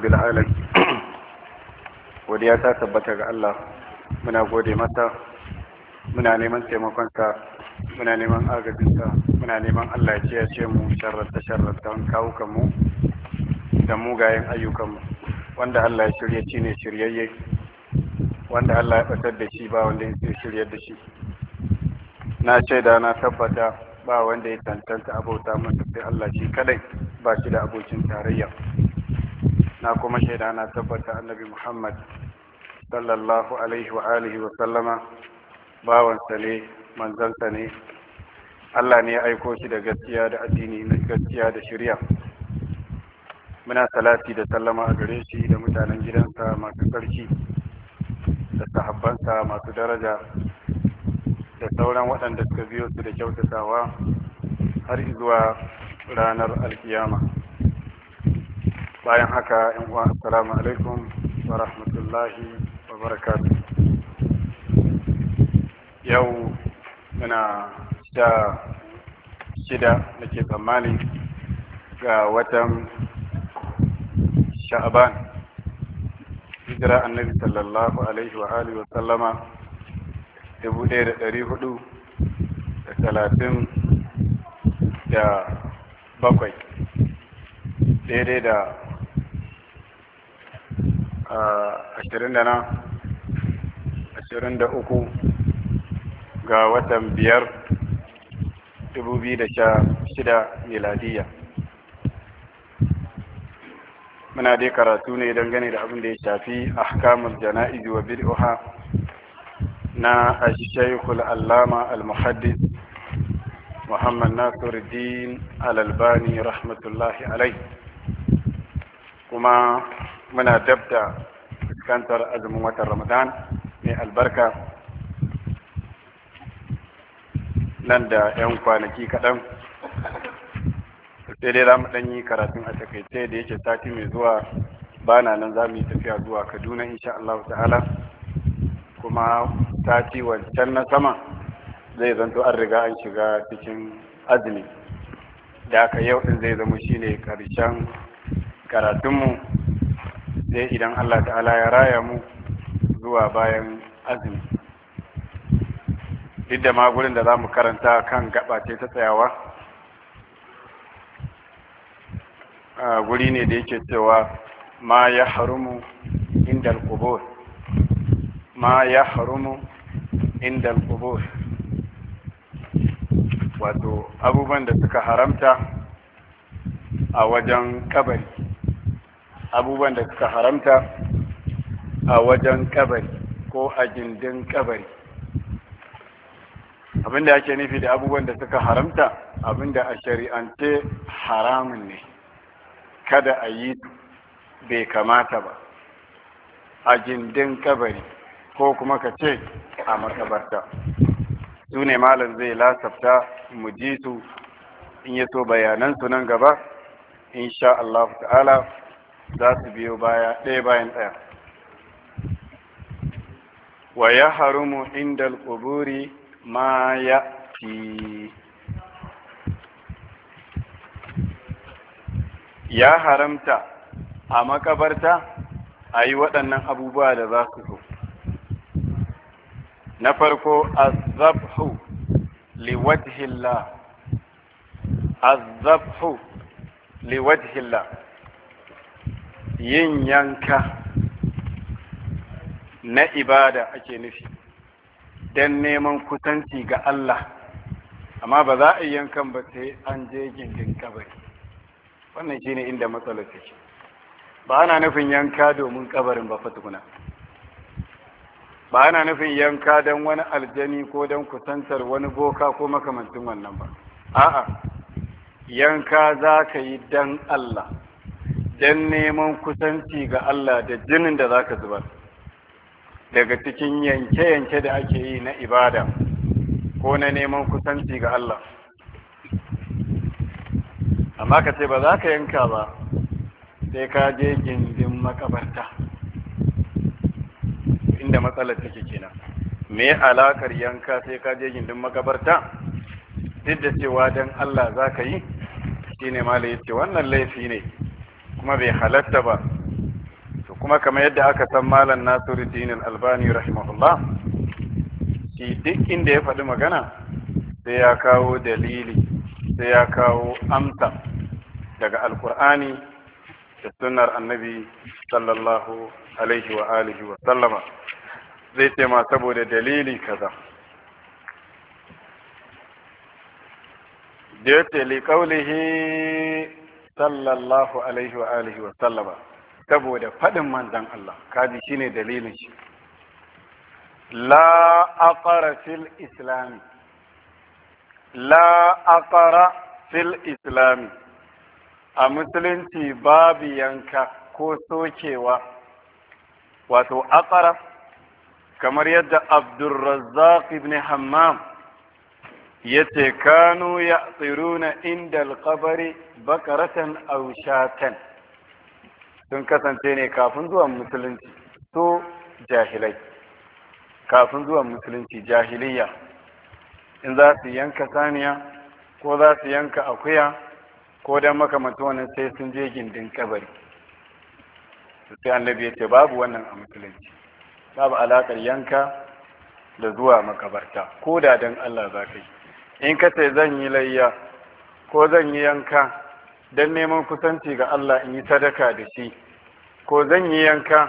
rabbil alamin godiya ta tabbata ga Allah muna gode masa muna neman taimakonsa muna neman agajinsa muna neman Allah ya ce mu sharrata sharrata kawo kawukan mu da mugayen mu. wanda Allah ya shirya shi ne shiryayye wanda Allah ya batar da shi ba wanda ya shirya da shi na ce da na tabbata ba wanda ya tantanta abota masa sai Allah shi kadai ba shi da abokin tarayya na kuma shaida na tabbata annabi muhammad sallallahu alaihi wa alihi wa sallama bawansa ne manzansa ne allah ne ya aiko shi da gaskiya da addini na gaskiya da shirya muna salati da sallama a gare shi da mutanen gidansa masu sarki da sahabbansa masu daraja da sauran waɗanda suka biyo su da kyautatawa har zuwa ranar alkiyama bayan haka yan uwa assalamu alaikum wa rahmatullahi wa barakatuh yau muna da shida nake tsammani ga watan sha'aban hijira annabi sallallahu alaihi wa alihi wa sallama ɗaya da ɗari hudu da talatin da bakwai daidai da ashirin da nan ashirin da uku ga watan biyar dubu biyu da sha shida miladiyya muna dai karatu ne dangane da abin da ya shafi ahkamul jana'izu wa bid'uha na ashaykhul allama al-muhaddis muhammad nasiruddin al-albani rahmatullahi alai kuma muna dabda fuskantar azumin watan ramadan mai albarka nan da 'yan kwanaki kaɗan sai dai za mu yi karatun a takaice da yake sati mai zuwa bana nan za mu yi tafiya zuwa kaduna insha Allah ta'ala kuma sati wancan na sama zai zanto an riga an shiga cikin azumi da aka yau ɗin zai zama shine karshen karatunmu sai idan Allah ta'ala ya raya mu zuwa bayan azumi duk da magurin da za mu karanta kan gaba ta tsayawa guri ne da yake cewa ma ya harumu inda al ma ya harumu inda al wato abubuwan da suka haramta a wajen kabari abubuwan da suka haramta a wajen kabari ko a gindin kabari abinda ake nufi da abubuwan da suka haramta abinda a shari'ance haramun ne kada a yi bai kamata ba a gindin kabari ko kuma ka ce a makabarta su ne malam zai lasafta mu ji su in yi so bayanansu nan gaba insha Allah ta'ala za su biyo baya ɗaya bayan ɗaya wa ya harumu inda alƙuburi ma ya fi ya haramta a makabarta a yi waɗannan abubuwa da za su zo na farko azabhu liwajhillah azabhu liwajhillah yin yanka na ibada ake nufi don neman kusanci ga Allah amma ba za a yi yankan ba sai an je gindin kabari wannan shi ne inda matsalar take ba ana nufin yanka domin kabarin ba fatukuna ba ana nufin yanka don wani aljani ko don kusantar wani boka ko makamantin wannan ba a'a yanka za ka yi don Allah don neman kusanci ga Allah da jinin da za ka zubar daga cikin yanke-yanke da ake yi na ibada ko na neman kusanci ga Allah amma ka ce ba za ka yanka ba sai ka je gindin makabarta inda matsalar take kenan me alakar yanka sai ka je gindin makabarta duk da cewa dan Allah za ka yi shine mala yace wannan laifi ne kuma bai halatta ba to kuma kamar yadda aka san malam nasiruddin al-albani rahimahullah shi duk inda ya faɗi magana sai ya kawo dalili sai ya kawo amsa daga alkur'ani da sunnar annabi sallallahu alaihi wa alihi wa sallama zai ce ma saboda dalili kaza da ya sallallahu alaihi wa alihi wa sallama saboda faɗin manzan Allah kaji shine dalilin shi la aqara fil islami la aqara fil islami a musulunci babu yanka ko sokewa wato aqara kamar yadda abdurrazzaq ibn hammam yace kanu tsiruna inda alqabari bakaratan aw shatan sun kasance ne kafin zuwan musulunci to jahilai kafin zuwan musulunci jahiliya in za su yanka saniya ko za su yanka akuya ko dan makamantan wannan sai sun je gindin kabari sai annabi ya ce babu wannan a musulunci babu alaƙar yanka da zuwa makabarta ko da dan Allah za ka yi in ka ce zan yi layya ko zan yi yanka don neman kusanci ga Allah in yi sadaka da shi ko zan yi yanka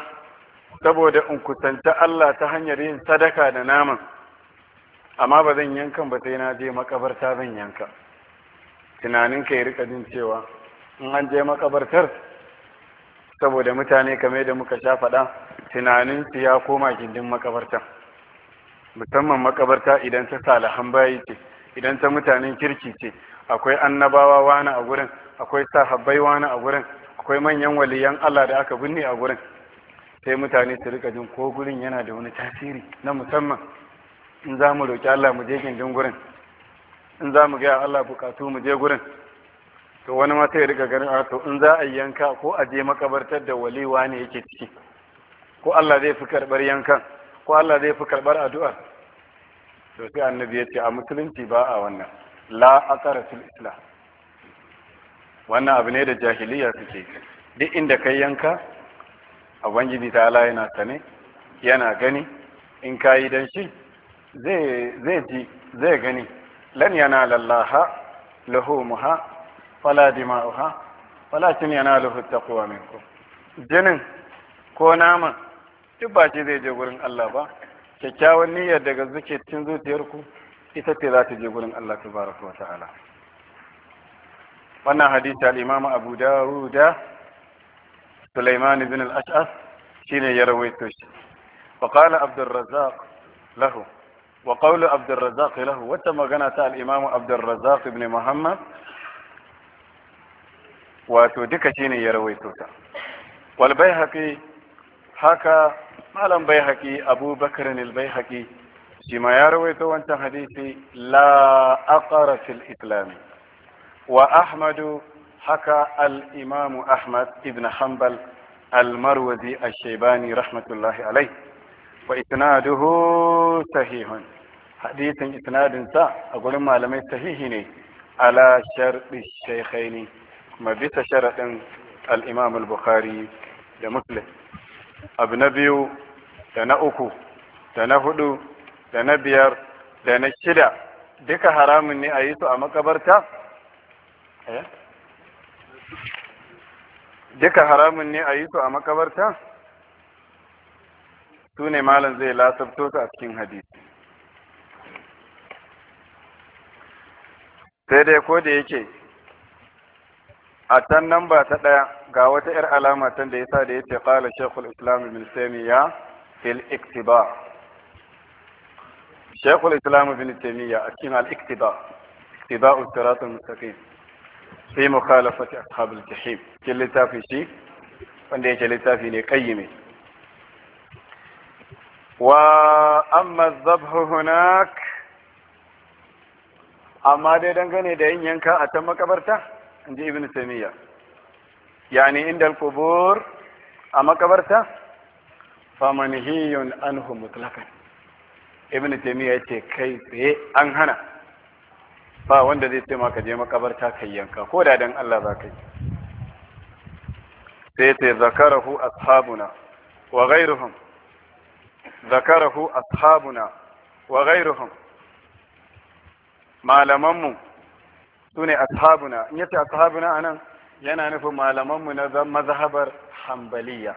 saboda in kusanci Allah ta hanyar yin sadaka da naman amma ba zan yankan ba sai na je makabarta zan yanka tunanin ka ya rika jin cewa in an je makabartar saboda mutane kame da muka sha faɗa tunanin su ya koma gindin makabarta musamman makabarta idan ta salahan bayi ce idan ta mutanen kirki ce akwai annabawa wani a gurin akwai sahabbai wani a gurin akwai manyan waliyan Allah da aka binne a gurin sai mutane su rika jin ko gurin yana da wani tasiri na musamman in za mu roƙi Allah mu je gindin gurin in za mu gaya Allah bukatu mu je gurin to wani ma sai rika ganin to in za a yanka ko a je makabartar da waliwa ne yake ciki ko Allah zai fi karbar yankan ko Allah zai fi karbar addu'ar to sai annabi ya ce a musulunci ba a wannan la aqara fil islam wannan abu ne da jahiliya suke duk inda kai yanka abangiji ta ala yana sane yana gani in ka yi dan shi zai ji zai gani lan yana fala dima uha wala dima'uha yana yanaluhu taqwa minkum jinin ko nama duk ba ce zai je wurin Allah ba kyakkyawan niyyar daga zuke cikin zuciyarku ita ce za ta je gurin Allah Ta baraka wa ta'ala wannan hadisi al-Imam Abu Dawud Sulaiman ibn al-Ash'as shine ya rawaito shi wa qala Abdul Razzaq lahu wa qawlu Abdul Razzaq lahu wata magana ta al-Imam Abdul Razzaq ibn Muhammad wato duka shine ya rawaito ta wal bayhaqi haka malam bai haƙi abubakar bai haƙi shi ma ya rawaito wancan hadisi la aqara fil islami wa ahmadu haka al-imamu ahmad ibn hanbal al-marwazi al shaybani rahmatullahi alai wa isnaduhu sahihun hadisin isnadin sa a gurin malamai sahihi ne ala sharɗi shaykhaini kuma bisa sharaɗin al imamul al-bukhari da muslim abu na biyu da na uku da na hudu da na biyar da na shida duka haramun ne a yi su a makabarta? Eh? duka haramun ne a yi su a makabarta? su ne malam zai lasabto su a cikin hadisi sai dai ko da yake a can nan ba ta ɗaya ga wata 'yar alama tan da yasa da yace qala shaykhul islam ibn taymiya fil iktiba shaykhul islam ibn taymiya a cikin al iktiba iktiba'u sirat al mustaqim fi mukhalafati ashab al jahim cikin littafi shi wanda yake littafi ne kayyime wa amma dhabhu hunak amma dai dangane da yin yanka a can makabarta in ji ibn taymiya yani inda kubur a makabarta famanihiyun anhu mutlakan ibn taymiya yace kai tsaye an hana ba wanda zai ce maka je makabarta kai yanka ko da dan Allah za ka yi sai ta zakarahu ashabuna wa ghairuhum zakarahu ashabuna wa ghairuhum malamanmu sune ashabuna in yace ashabuna anan yana nufin malamanmu na mazhabar hambaliya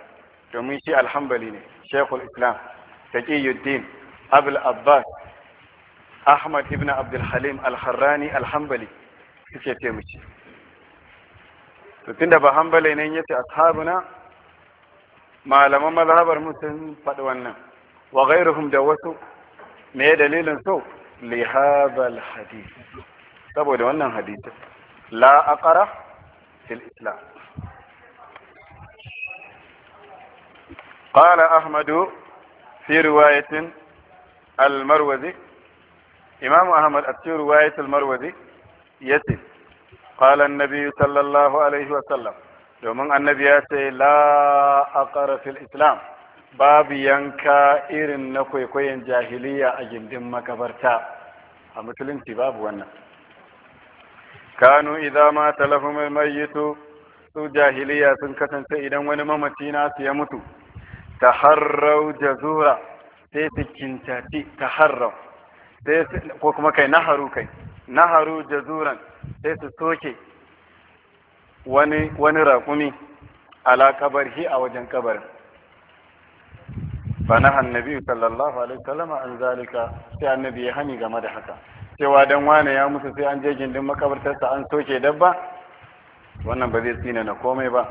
domin shi alhambali ne shekul islam taqiyuddin abul abbas ahmad ibn abdul halim al-harrani al suke ce to tunda ba hambali ne yace ashabuna malaman mazhabar mu sun faɗi wannan wa gairuhum da wasu me dalilin so li hadha hadith saboda wannan hadisi la aqra في الإسلام قال أحمد في رواية المروزي إمام أحمد في رواية المروزي يتي قال النبي صلى الله عليه وسلم domin annabi ya ce la aqara fil islam babu yanka irin na kwaikwayon jahiliya a gindin makabarta a musulunci babu wannan kanu idza mata lahum almayyitu su jahiliya sun kasance idan wani mamaci nasu ya mutu taharrau jazura sai su kintati taharrau sai ko kuma kai naharu kai naharu jazuran sai su soke wani wani raƙumi ala kabarhi a wajen kabarin fa nahan sallallahu alaihi wasallam an zalika sai annabi ya hani game da haka cewa dan wane ya musu sai an je gindin makabartarsa an soke dabba wannan ba zai tsina na komai ba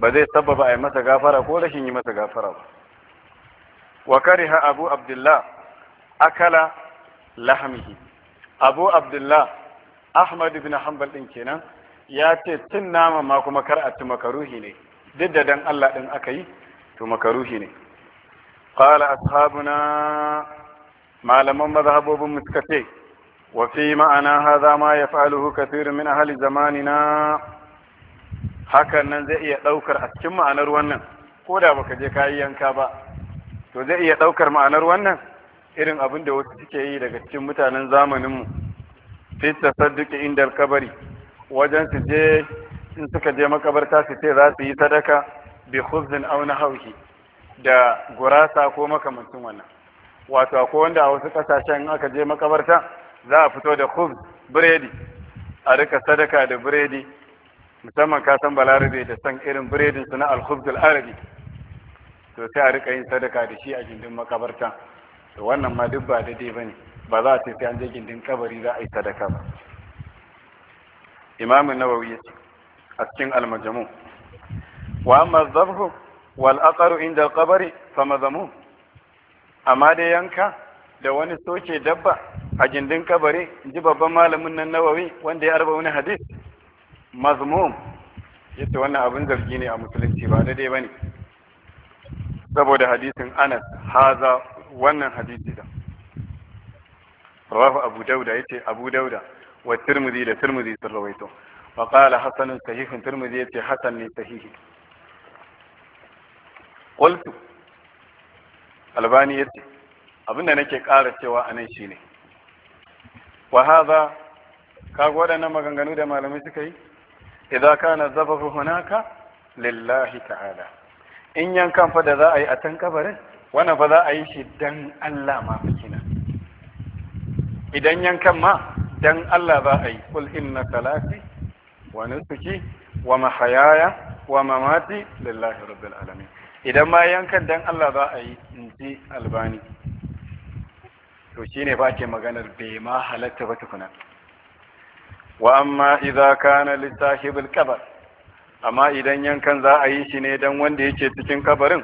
ba zai sababa a yi masa gafara ko rashin yi masa gafara ba wa kariha abu abdullah akala lahmihi abu abdullah ahmad ibn hanbal din kenan ya ce cin nama ma kuma kar a ci makaruhi ne duk da dan Allah din aka yi to makaruhi ne qala ashabuna malaman mazhabobin mu وفي معنى هذا ما يفعله كثير من أهل زماننا hakan nan zai iya ɗaukar a cikin ma'anar wannan ko da baka je kayi yanka ba to zai iya ɗaukar ma'anar wannan irin abin da wasu suke yi daga cikin mutanen zamaninmu fi tasadduqi inda kabari wajen su je in suka je makabarta su ce za su yi sadaka bi khuzn aw nahawhi da gurasa ko makamantin wannan wato akwai wanda a wasu kasashen aka je makabarta za a fito da khubz biredi a rika sadaka da biredi musamman ka san balarabe da san irin biredin su na al-khubz to sai a rika yin sadaka da shi a gindin makabarta to wannan ma duk ba dai bane ba za a ce sai an je gindin kabari za a yi sadaka ba imam an-nawawi ya ce a cikin al-majmu wa amma dhabhu wal aqru inda al qabr fa amma dai yanka da wani soke dabba a gindin kabari ji babban malamin nan nawawi wanda ya arba wani hadis mazmum yace wannan abin zargi ne a musulunci ba daidai bane saboda hadisin Anas haza wannan hadisi da rawahu Abu Dauda yace Abu Dauda wa Tirmidhi da Tirmidhi sun rawaito wa qala hasanun sahihun Tirmidhi yace hasan ne sahihi qultu Albani yace abinda nake ƙara cewa anan shine Wahaza hadha waɗannan maganganu da malamai suka yi idza kana zabahu hunaka lillahi ta'ala in yankan fa da za a yi a tan kabarin wannan fa za a yi shi dan Allah ma fakina idan yankan ma dan Allah za a yi kul inna salati wa nusuki wa mahayaya wa mamati lillahi rabbil alamin idan ma yankan dan Allah za a yi in ji albani to ne ba ke maganar bai ma halatta ba tukuna wa amma iza kana li kabar, amma idan yankan za a yi shi ne don wanda yake cikin kabarin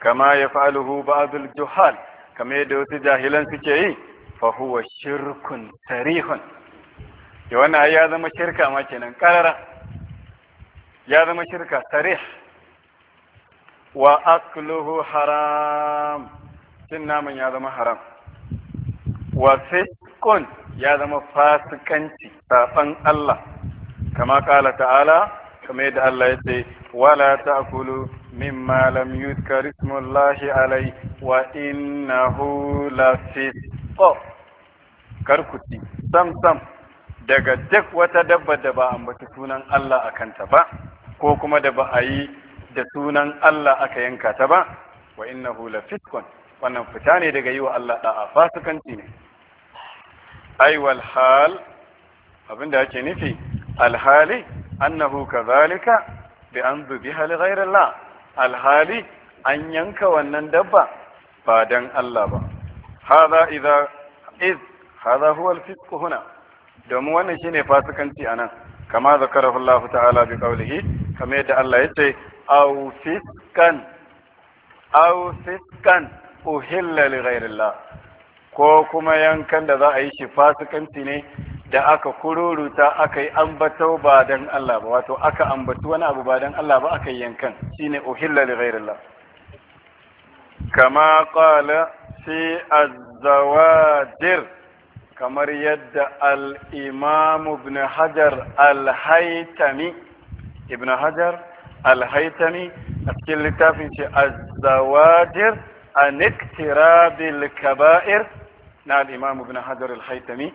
kama ya ba ba'dul juhal kama yadda wasu jahilan suke yi fahuwa shirkun tarihun ya wani ya zama shirka ma kenan karara ya zama shirka tarih wa akluhu haram cin naman ya zama haram wa fiskun ya zama fasikanci saban Allah kama kala ta'ala kamar yadda Allah ya ce wala ta'kulu mimma lam yuzkar ismullahi alai wa innahu la fisqo karkuti sam sam daga duk wata dabba da ba ambata sunan Allah a kanta ba ko kuma da ba a yi da sunan Allah aka yanka ta ba wa innahu la fiskun wannan fita ne daga yi wa Allah da'a fasikanci ne Aiwal hal abinda ake nufi alhali annahu kazalika bi an zubi hali ghayri alhali an yanka wannan dabba ba dan Allah ba hadha idza iz hadha huwa al huna domin wannan shine fasikanci anan kama zakarahu Allah ta'ala bi qawlihi kamar yadda Allah yace aw fiskan aw fiskan uhilla li ko kuma yankan da za a yi shi fasikanci ne da aka kururuta aka yi ambato ba dan Allah ba wato aka ambatu wani abu ba dan Allah ba aka yi yankan shine uhilla li ghairillah kama qala fi az kamar yadda al ibn hajar al-haytami ibn hajar al a cikin littafin shi az a an iktirabil kaba'ir na al ibn hajar al haitami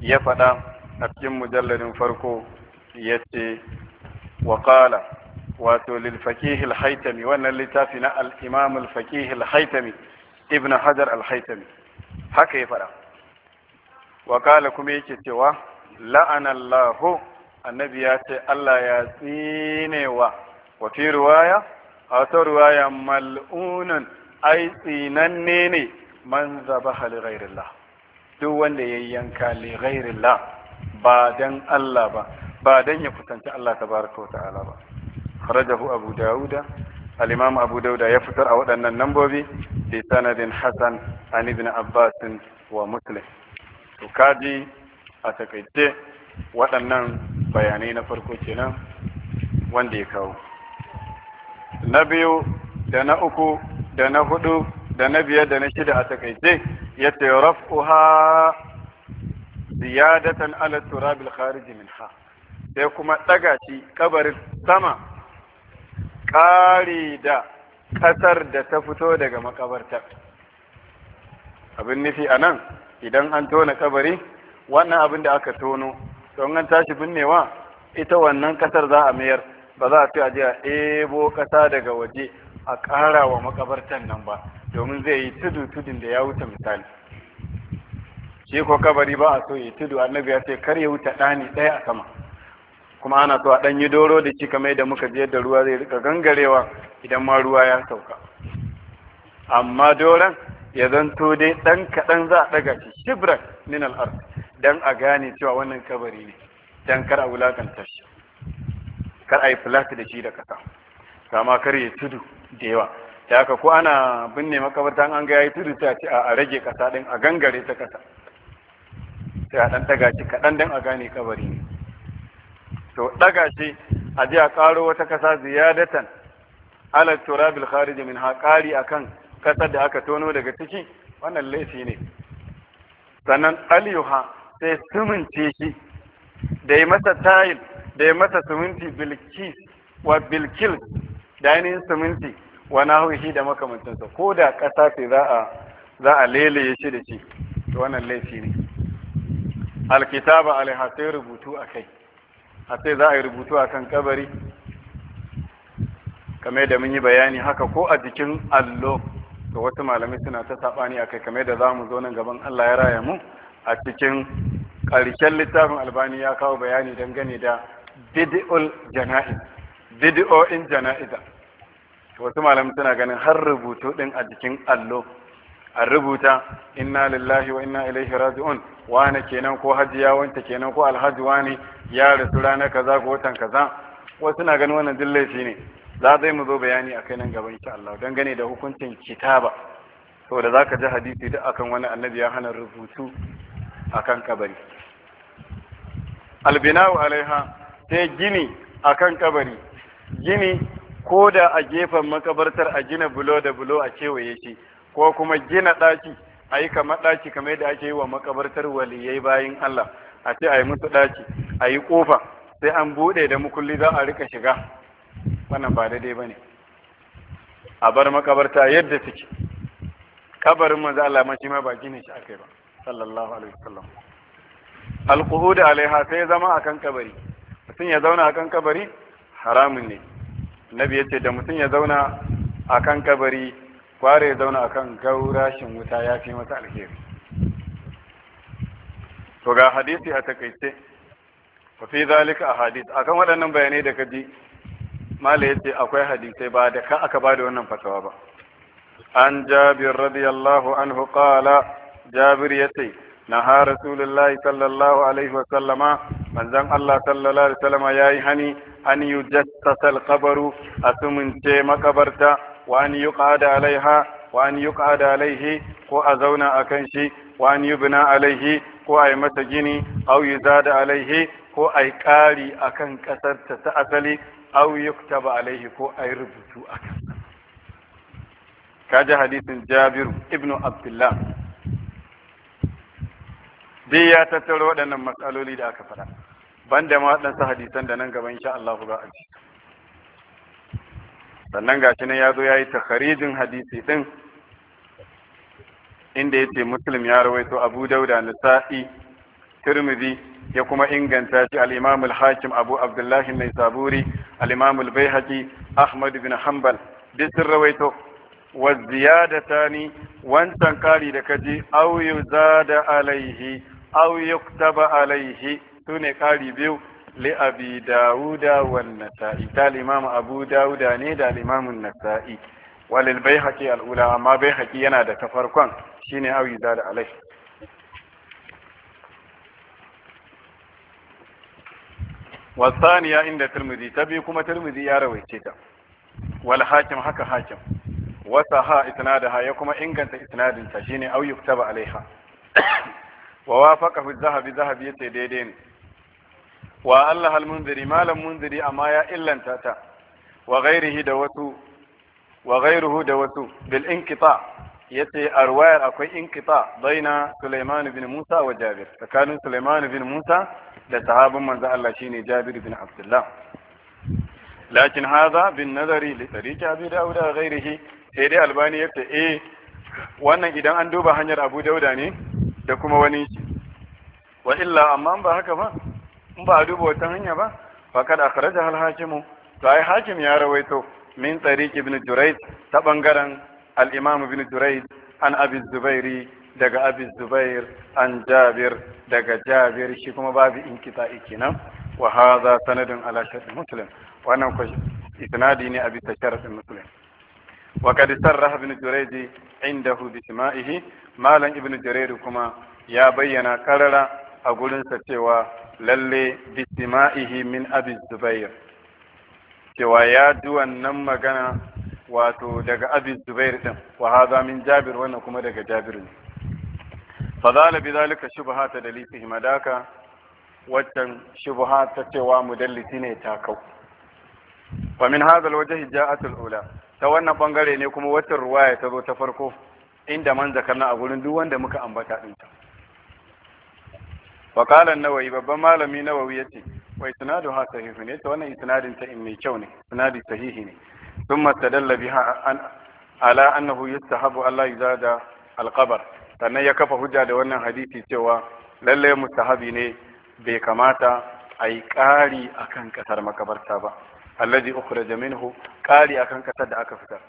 ya faɗa a cikin mujalladin farko ya ce wa wato lil al haitami wannan littafi na al-imam al-faqih al ibn hajar al haitami haka ya faɗa Wakala kuma yake cewa la'anallahu annabi ya ce Allah ya tsinewa wa fi ruwaya a wata ruwaya malunan ai tsinanne ne man zabaha li ghairillah duk wanda yayi yanka li ghairillah ba dan Allah ba ba dan ya kusanci Allah tabaraka ta'ala ba kharajahu abu dauda al-imam abu dauda ya fitar a waɗannan nambobi bi sanadin hasan an ibn abbas wa muslim to kaji a takaice waɗannan bayanai na farko kenan wanda ya kawo na biyu da na uku da na hudu da na biyar da na shida a takaice ya ce raf'uha ziyadatan ala turabil khariji minha sai kuma daga shi kabarin sama kari da ƙasar da ta fito daga makabarta abin nufi a nan idan an tona kabari wannan abin da aka tono don an tashi binnewa ita wannan ƙasar za a mayar ba za a fi a ebo ƙasa daga waje a ƙara wa makabartan nan ba domin zai yi tudu tudun da ya wuce misali shi ko kabari ba a so yi tudu annabi ya ce kar ya wuce ɗani ɗaya a sama kuma ana so a ɗan yi doro da shi kamar da muka je da ruwa zai rika gangarewa idan ma ruwa ya sauka amma doron ya zanto dai ɗan kaɗan za a ɗaga shi shibran min al'ar dan a gane cewa wannan kabari ne dan kar a wulakanta shi kar a yi da shi da ƙasa kama kar ya tudu da yawa da haka ko ana binne makabarta an ga yayi tudu sai a rage kasa din a gangare ta kasa sai a dan daga shi kadan dan a gane kabari ne to daga shi a ji a karo wata kasa ziyadatan ala turabil kharij min qari akan ƙasa da aka tono daga ciki wannan laifi ne sannan aliyuha sai sumunce shi da masa tayil da yi masa suminti bilkis wa bilkil da ainihin suminti wani haushi da makamancinsa ko da ƙasa ce za a lelaye shi da shi wannan laifi ne alkitaba alhassai rubutu a kai za a yi rubutu akan kabari kamar da mun yi bayani haka ko a jikin allo da wasu malamai suna ta saɓani a kai kamar da za mu zo nan gaban allah ya raya mu a cikin ƙarshen littafin albani ya kawo bayani dangane da bid'ul jana'iz bid'o'in jana'iza wasu malam suna ganin har rubutu din a jikin allo a rubuta inna lillahi wa inna ilaihi raji'un wane kenan ko hajiya wanta kenan ko alhaji wani ya rasu ranar kaza ko watan kaza wasu suna ganin wannan dillai shi ne za zai mu zo bayani akai nan gaba insha Allah dan gane da hukuncin kitaba saboda zaka ji hadisi duk akan wani annabi ya hana rubutu akan kabari albina'u alaiha sai gini akan kabari gini ko da a gefen makabartar a gina bulo da bulo a kewaye shi ko kuma gina ɗaki a yi kamar ɗaki kamar yadda ake yi wa makabartar waliyai bayan Allah a ce a yi musu ɗaki a yi ƙofa sai an buɗe da mukulli za a rika shiga wannan ba daidai ba ne a bar makabarta yadda suke kabarin manzo Allah ma shi ma ba gina shi akai ba sallallahu alaihi wasallam alquhud alaiha sai zama akan kabari mutum ya zauna akan kabari haramun ne nabi yace da mutum ya zauna akan kabari kware ya zauna akan kan gaurashin wuta ya fi masa alheri to ga hadisi a takaice wa fi zalika a akan waɗannan bayanai da kaji mala yace akwai hadisai ba da ka aka bada wannan fatawa ba an jabir radiyallahu anhu qala jabir yace na naha rasulullahi sallallahu alaihi wa sallama manzon Allah sallallahu alaihi wasallam yayi hani an yujassasa al-qabru asumunce makabarta wa an yuqada alaiha wa an yuqada alaihi ko a zauna akan shi wa an yubna alaihi ko a yi masa gini au yuzada alaihi ko a yi ƙari akan ƙasar ta ta asali au yuktaba alaihi ko a yi rubutu Ka ji hadisin Jabiru ibnu Abdullah dai ya tattaro waɗannan matsaloli da aka faɗa banda ma waɗansu hadisan da nan gaba insha Allah za a ji sannan gashi nan ya zo ya yi takharijin hadisi din inda ya ce muslim ya rawaito abu dauda nisa'i tirmidhi ya kuma inganta shi al-imam al-hakim abu abdullah mai saburi al-imam al-baihaqi ahmad bin hanbal duk sun rawaito wa ziyadatani wancan kari da kaji au yuzada alaihi aw yuktaba alayhi sune kari biyu li abi dauda wan nasa'i ta imamu abu dauda ne da imamu nasa'i walil baihaqi al ula amma baihaqi yana da ta farkon shine aw yuda da alayhi wasaniya inda tirmidhi ta biyu kuma tirmidhi ya rawaice ta wal hakim haka hakim wasa ha isnadaha ya kuma inganta isnadin ta shine aw yuktaba alayha wa wafaka fi zahabi zahabi yace daidai ne wa Allah al munziri malam munziri amma ya illanta ta wa ghairihi da wasu wa ghairuhu da wasu bil inqita yace a ruwayar akwai inqita baina Sulaiman bin Musa wa Jabir tsakanin Sulaiman bin Musa da sahabin manzo Allah shine Jabir bin Abdullah lakin hadha bin nazari li tariqi Abi Dawud wa ghairihi sai dai Albani yace eh wannan idan an duba hanyar Abu Dauda ne da kuma wani shi wa illa amma ba haka ba in ba a duba wata hanya ba fa kada akhraja al hakimu to ai hakim ya rawaito min tariq ibn jurayd ta bangaren al imam ibn jurayd an abi zubairi daga abi zubair an jabir daga jabir shi kuma babu inkita'i kenan wa hadha sanadun ala shart muslim wannan ko itnadi ne abi tashar muslim وقد صرح ابن جريج عنده بسمائه malam ibn jarir kuma ya bayyana karara a gurinsa cewa lalle bisima'ihi min abi zubair cewa ya ji wannan magana wato daga abi zubair din wa hadha min jabir wannan kuma daga jabir ne fadala bi zalika shubhata dalilihi madaka wannan shubha ta cewa mudallisi ne ta kau fa min hadha alwajhi ja'at alula ta wannan bangare ne kuma wata ruwaya ta zo ta farko inda man zakarna a gurin duk wanda muka ambata din ta wa qala an-nawawi babban malami nawawi yace wa isnadu ha sahihu ne wannan isnadin ta in mai kyau ne isnadi sahihi ne thumma tadalla biha an ala annahu yustahabu alla yuzada al-qabr sannan ya kafa hujja da wannan hadisi cewa lalle mustahabi ne bai kamata a yi ƙari akan kasar makabarta ba allazi ukhraja minhu ƙari akan kasar da aka fitar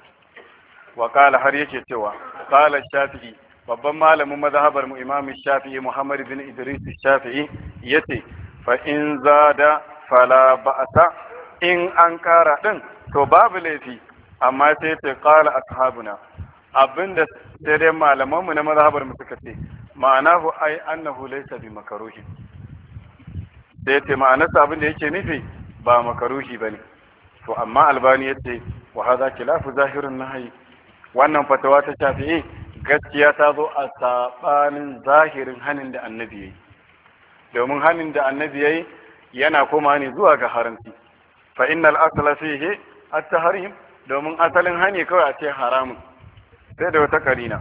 wa qala har yake cewa qala shafi'i babban malamin mazhabar mu imam shafi'i muhammad bin idris shafi'i yace fa in zada fala ba'sa in an kara din to babu laifi amma sai ce qala ashabuna abinda sai dai malaman mu na mazhabar mu suka ce ma'anahu ai annahu laysa bi makaruhi sai ce ma'anarsa abinda yake nufi ba makaruhi bane to amma albani yace wa hadha khilafu zahirin nahyi wannan fatawa ta shafi'i eh, gaskiya ta zo a saɓanin zahirin hannun da annabi ya yi domin hannun da annabi ya yi yana koma ne zuwa ga haramci fa innal asala a at-tahrim domin asalin hani kawai a ce haramun sai da wata karina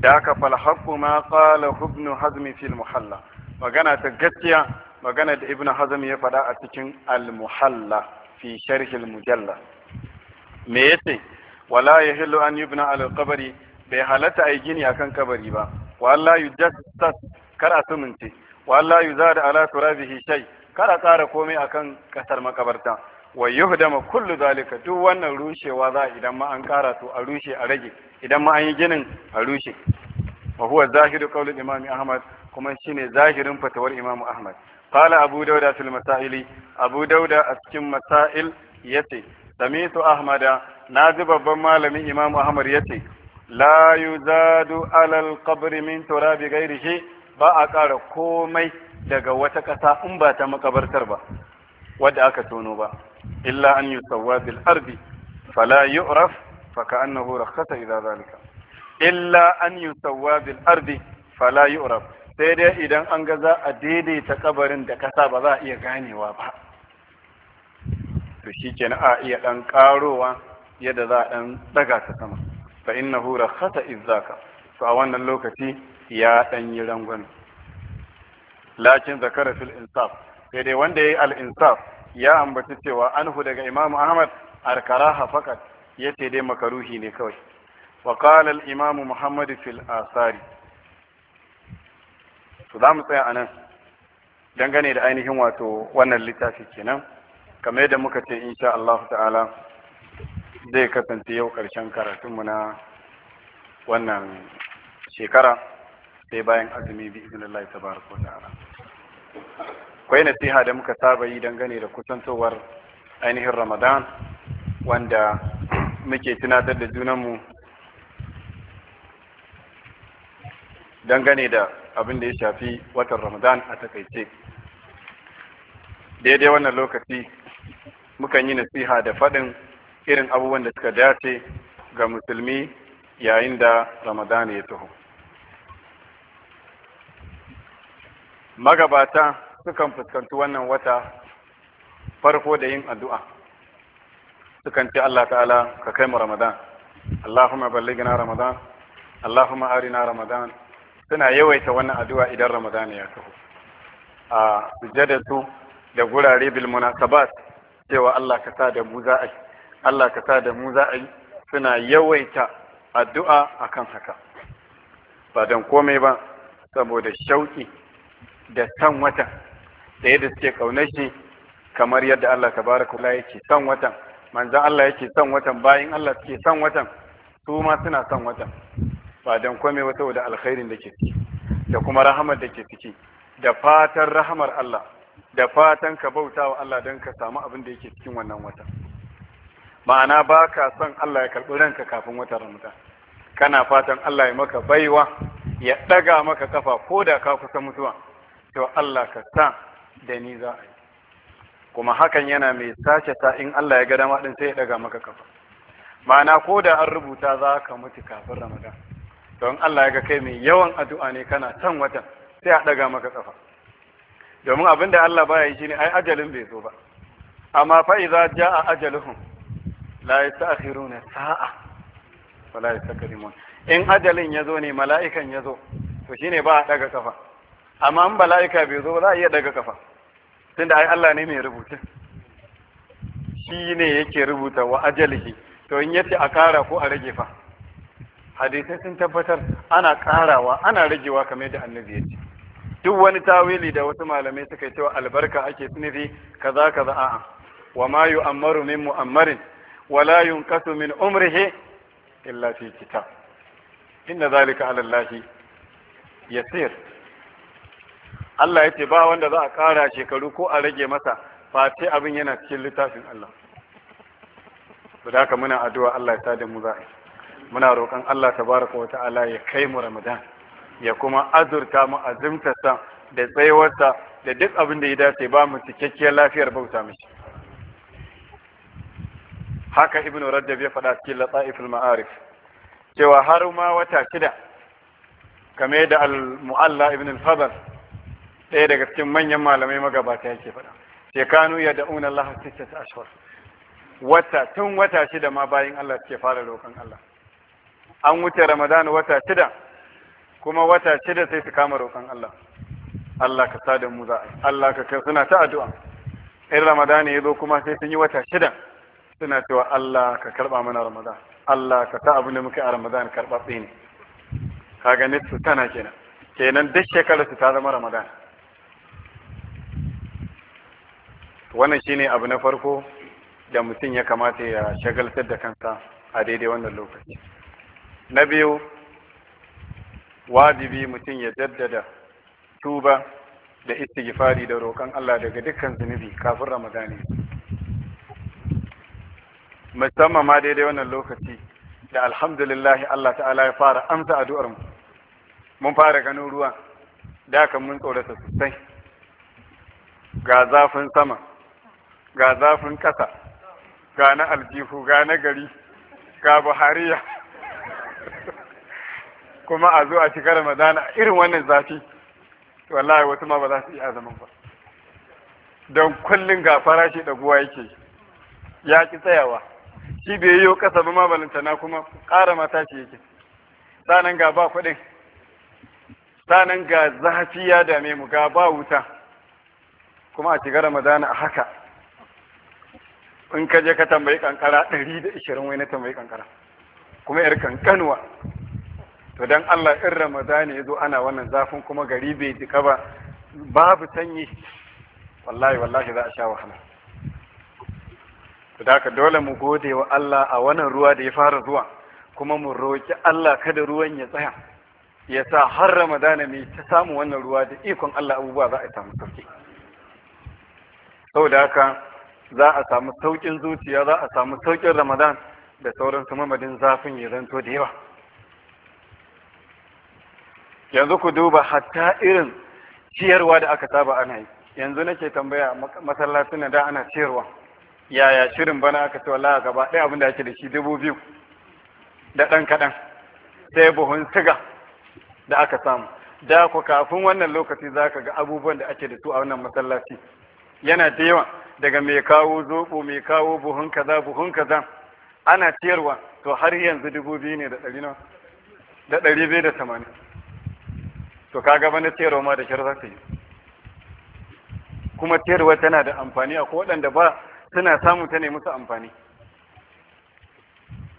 da aka fal ma ƙala hubnu hazmi fil muhalla magana ta gaskiya magana da ibnu hazmi ya faɗa a cikin al-muhalla fi sharh al-mujalla me yace wala yahillu an yi bina alkabari bai halatta ai gini akan kabari ba wa Allah yujassas kar a sumunce wa za da ala turabihi shai. kar a tsara komai akan kasar makabarta wa yuhdama kullu zalika duk wannan rushewa za idan ma an kara to a rushe a rage idan ma an yi ginin a rushe wa huwa zahiru qawli imam ahmad kuma shine zahirin fatawar imam ahmad qala abu dauda fil masaili abu dauda a cikin masail yace samitu ahmada na ji babban malamin imamu ahmad ya ce la yuzadu alal qabri min turabi ghairihi ba a ƙara komai daga wata ƙasa in ba ta makabartar ba wadda aka tono ba illa an yi yusawwa bil ardi fala yu'raf fa ka'annahu rakhasa idza zalika illa an yusawwa bil ardi fala yu'raf sai dai idan an ga za a daidaita kabarin da kasa ba za a iya ganewa ba to shi ke na a iya ɗan ƙarowa yadda za a ɗan ɗaga ta sama fa innahu rakhata ka. to a wannan lokaci ya ɗan yi rangwame lakin zakara fil insaf sai dai wanda ya al insaf ya ambaci cewa anhu daga imamu ahmad al karaha fakat yace dai makaruhi ne kawai wa qala al imamu muhammad fil asari to za mu tsaya anan dangane da ainihin wato wannan littafi kenan kamar yadda muka ce insha Allah ta'ala zai kasance yau ƙarshen karatunmu na wannan shekara sai bayan azumi bi iznillahi ko ta'ala akwai nasiha da muka saba yi dangane da kusantowar ainihin Ramadan wanda muke tunatar da junanmu dangane da abin da ya shafi watan Ramadan a takaice daidai wannan lokaci mukan yi nasiha da faɗin irin abubuwan da suka dace ga musulmi yayin da ramadan ya taho magabata sukan fuskanci wannan wata farko da yin addu'a sukan ce Allah ta'ala ka kai mu ramadan Allahumma ballighna ramadan Allahumma arina ramadan suna yawaita wannan addu'a idan ramadan ya taho a sujjadatu da gurare bil munasabat cewa Allah ka sa da mu za a yi Allah ka sa da mu za a yi suna yawaita addu'a akan haka ba don komai ba saboda shauki da san watan da yadda suke kaunar shi kamar yadda Allah tabaraka kula yake san watan manzan Allah yake san watan bayan Allah suke san watan su ma suna san watan ba don komai ba saboda alkhairin da ke ciki da kuma rahamar da ke ciki da fatan rahamar Allah da fatan ka bauta wa Allah don ka samu abin da yake cikin wannan wata ma'ana ba ka son Allah ya karɓi ranka kafin wata ramuta. kana fatan Allah ya maka baiwa ya ɗaga maka kafa ko da ka kusa mutuwa to Allah ka sa da ni za a yi kuma hakan yana mai sace sa in Allah ya ga dama din sai ya ɗaga maka kafa ma'ana ko da an rubuta za ka mutu kafin ramadan don Allah ya ga kai mai yawan addu'a ne kana son watan sai a ɗaga maka kafa domin abin da Allah baya yi shine ai ajalin bai zo ba amma fa idza jaa ajaluhum la yasta'khiruna sa'a wa la yastaqdimun in ajalin ya zo ne mala'ikan ya zo to shine ba a daga kafa amma in mala'ika bai zo za a iya daga kafa tunda ai Allah ne mai rubuta shi ne yake rubuta wa ajalihi to in yace a kara ko a rage fa hadisi sun tabbatar ana karawa ana ragewa kamar yadda annabi ya ce duk wani tawili da wasu malamai suka yi cewa albarka ake nufi kaza kaza a'a wa ma yu'ammaru min mu'ammarin wa la yunqasu min umrihi illa fi kitab inna zalika ala allahi yasir Allah yace ba wanda za a ƙara shekaru ko a rage masa face abin yana cikin littafin Allah da haka muna addu'a Allah ya sa da mu za'a muna roƙon Allah tabaraka wa ta'ala ya kai mu Ramadan ya kuma azurta mu azumtarsa da tsayuwarsa da duk abin da ya dace ba mu cikakkiyar lafiyar bauta mishi haka ibnu rajab ya faɗa cikin lata'iful ma'arif cewa har ma wata shida kame da al-mu'alla ibn al-fadl ɗaya daga cikin manyan malamai magabata yake faɗa shekanu ya da'una Allah cikin ashwar wata tun wata shida ma bayin Allah suke fara roƙon Allah an wuce Ramadan wata shida kuma wata shida sai su kama roƙon Allah Allah ka sa da mu za Allah ka kai suna ta addu'a in Ramadan ya zo kuma sai sun yi wata shida suna cewa Allah ka karɓa mana Ramadan Allah ka sa abin da muka a Ramadan karɓaɓɓe ne kaga ne su tana kenan kenan duk shekarar su ta zama Ramadan wannan shine abu na farko da mutum ya kamata ya shagaltar da kansa a daidai wannan lokaci na biyu wajibi mutum ya jaddada tuba da istighfari da roƙon Allah daga dukkan zunubi kafin Ramadani musamman ma daidai wannan lokaci da alhamdulillah Allah ta'ala ya fara amsa addu'ar mu mun fara ganin ruwa da kan mun tsorata sosai ga zafin sama ga zafin ƙasa ga na aljihu ga na gari ga buhariya kuma a zo a shiga ramadana irin wannan zafi wallahi wasu ma ba za su yi azumin ba don kullum ga farashi da guwa yake ya ki tsayawa shi bai yi kasa ba ma na kuma ƙara mata shi yake sanan ga ba kuɗin sanan ga zafi ya dame mu ga ba wuta kuma a shiga ramadana a haka in ka je ka tambayi kankara ɗari da ishirin wai na tambayi kankara kuma yar kankanuwa to dan Allah in Ramadani ya zo ana wannan zafin kuma gari bai jika ba babu sanyi wallahi wallahi za a sha wahala to da dole mu gode wa Allah a wannan ruwa da ya fara zuwa kuma mu roki Allah kada ruwan ya tsaya ya sa har Ramadana mai ta samu wannan ruwa da ikon Allah abubuwa za a samu sauki saboda haka za a samu saukin zuciya za a samu saukin Ramadan da sauran su mamadin zafin ya zanto da yawa yanzu ku duba hatta irin ciyarwa da aka saba ana yi yanzu nake tambaya masallacin da ana ciyarwa yaya shirin bana aka ce wallahi gaba ɗaya abin da ake da shi dubu biyu da ɗan kaɗan sai buhun siga da aka samu da ku kafin wannan lokaci za ka ga abubuwan da ake da su a wannan masallaci yana da yawa daga mai kawo zoɓo mai kawo buhun kaza buhun kaza ana ciyarwa to har yanzu dubu biyu ne da ɗari da ɗari biyu da tamanin to kaga bana tero ma da shirza ka yi kuma terwa tana da amfani a waɗanda ba suna samu ta nemi su amfani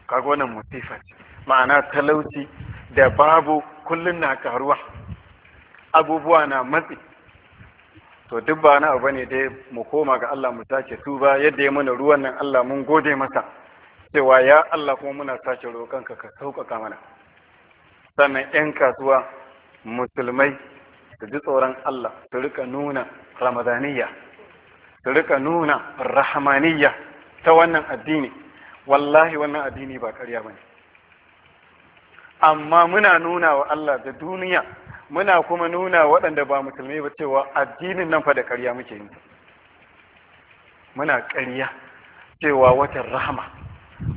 kaga wannan musifa ce ma'ana talauci da babu kullum na karuwa abubuwa na matsi to duk ba na abu ne dai mu koma ga Allah mu sake tuba yadda ya mana ruwan nan Allah mun gode masa cewa ya Allah kuma muna sake roƙonka ka sauƙaƙa mana sannan 'yan kasuwa musulmai da ji tsoron Allah su rika nuna ramadaniya su rika nuna rahamaniya ta wannan addini wallahi wannan addini ba karya bane amma muna nuna wa Allah da duniya muna kuma nuna waɗanda ba musulmai ba cewa addinin nan fa da karya muke yi muna karya cewa watan rahama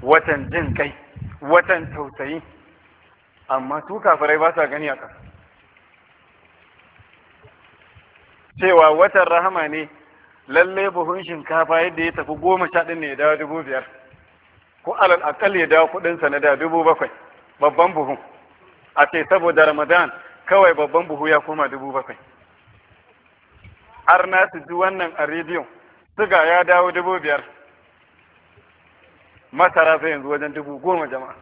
watan jin kai watan tausayi amma su kafirai ba sa gani a ƙasa cewa watan rahama ne lalle buhun shinkafa yadda ya tafi goma sha ɗin ne ya dawo dubu biyar ko alal akal ya dawo kuɗinsa na da dubu bakwai babban buhun a ce saboda ramadan kawai babban buhu ya koma dubu bakwai har na su ji wannan a rediyo suga ya dawo dubu biyar masara zai yanzu wajen dubu goma jama'a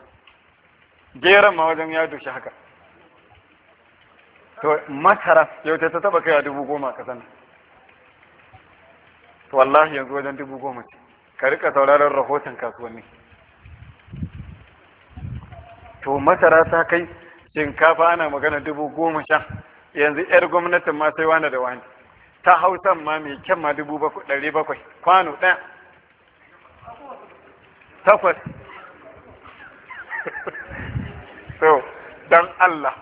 geran ma wajen ya dushe haka to matara yau ta taba kai a dubu goma ka sana to wallahi yanzu wajen dubu goma ce ka rika sauraron rahoton kasuwanni to matara ta kai shinkafa ana magana dubu goma sha yanzu yar gwamnatin ma sai wani da wani ta hausan ma mai kyan ma dubu ɗari bakwai kwano ɗaya takwas so don Allah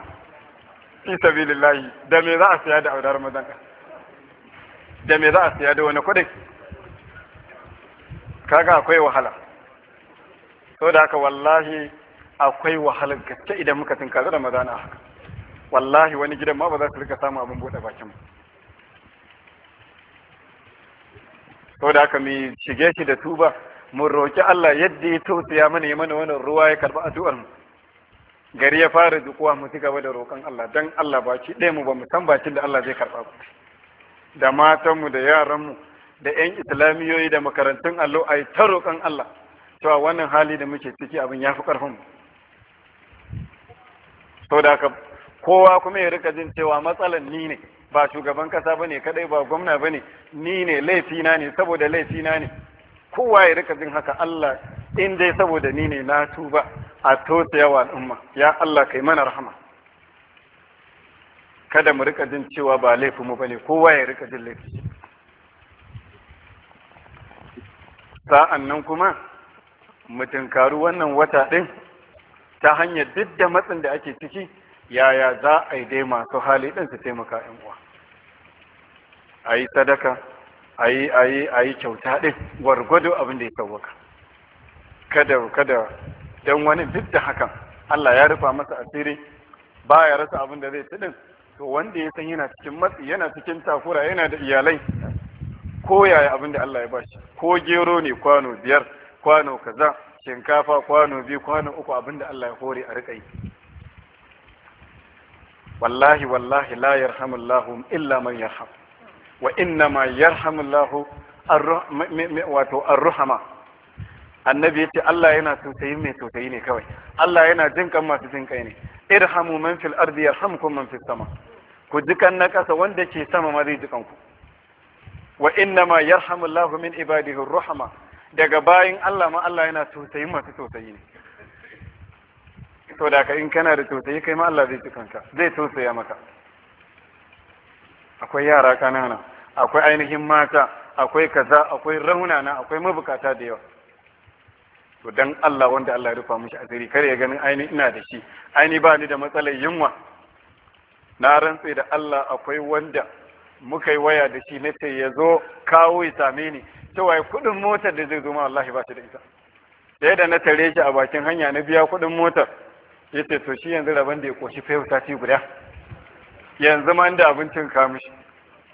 fi sabilillahi da me za a siya da audar Ramadan da me za a siya da wani kudin kaga akwai wahala da haka wallahi akwai wahala gaske idan muka da Ramadan a haka wallahi wani gidan ma ba za su rika samu abin bude bakin ba da haka mu shige shi da tuba mun roki Allah yadda ya tausaya mana ya mana wannan ruwa ya karba addu'ar mu gari ya fara dukuwa mu ci gaba da roƙon Allah don Allah baki ɗaya mu ba mu san bakin da Allah zai karɓa ku da matanmu da yaranmu da 'yan islamiyoyi da makarantun allo a yi ta roƙon Allah cewa wannan hali da muke ciki abin ya fi ƙarfin sau da haka kowa kuma ya rika jin cewa matsalan ni ne ba shugaban kasa bane kadai ba gwamna bane ni ne laifina ne saboda laifina ne kowa ya rika jin haka Allah in dai saboda ni ne na tuba a tosa yawa al'umma ya Allah kai mana rahama kada mu rika jin cewa ba laifin mu bane kowa ya rika jin laifi sa'an kuma mu tunkaru wannan wata ɗin ta hanyar duk da matsin da ake ciki yaya za a yi dai masu hali ɗin su taimaka ‘yan uwa a yi sadaka a yi kyauta ɗin gwargwado abin da ya sauwaka kada kada dan wani duk da hakan Allah ya rufa masa asiri ya rasa abin da zai tudin to wanda ya san yana cikin matsi yana cikin takura yana da iyalai ko yaya abin da Allah ya bashi ko gero ne kwano biyar kwano kaza shinkafa kwano biyu kwano uku abin da Allah ya hore a riƙa yi wallahi wallahi la yarhamullahu illa man yarham wa inna ma yarhamullahu wato ruhama. annabi ya ce Allah yana tausayin mai tausayi ne kawai Allah yana jin kan masu jin kai ne irhamu man fil ardi yarhamkum man fis sama ku jikan na kasa wanda ke sama ma zai jikan ku wa inna ma yarhamu Allahu min ibadihi hama, daga bayin Allah ma Allah yana tausayin masu tausayi ne to da ka in kana da tausayi kai ma Allah zai jikan ka zai tausaya maka akwai yara kanana akwai ainihin mata akwai kaza akwai na akwai mabukata da yawa to dan Allah wanda Allah ya rufa mishi asiri kar ya ganin aini ina da shi aini ba ni da matsalar yunwa na rantse da Allah akwai wanda muka yi waya da shi nace ya zo kawo ya same ni cewa kudin motar da zai zo ma wallahi ba shi da ita sai da na tare shi a bakin hanya na biya kudin motar yace to shi yanzu rabon da ya koshi fayuta ci guda yanzu ma inda abincin kamishi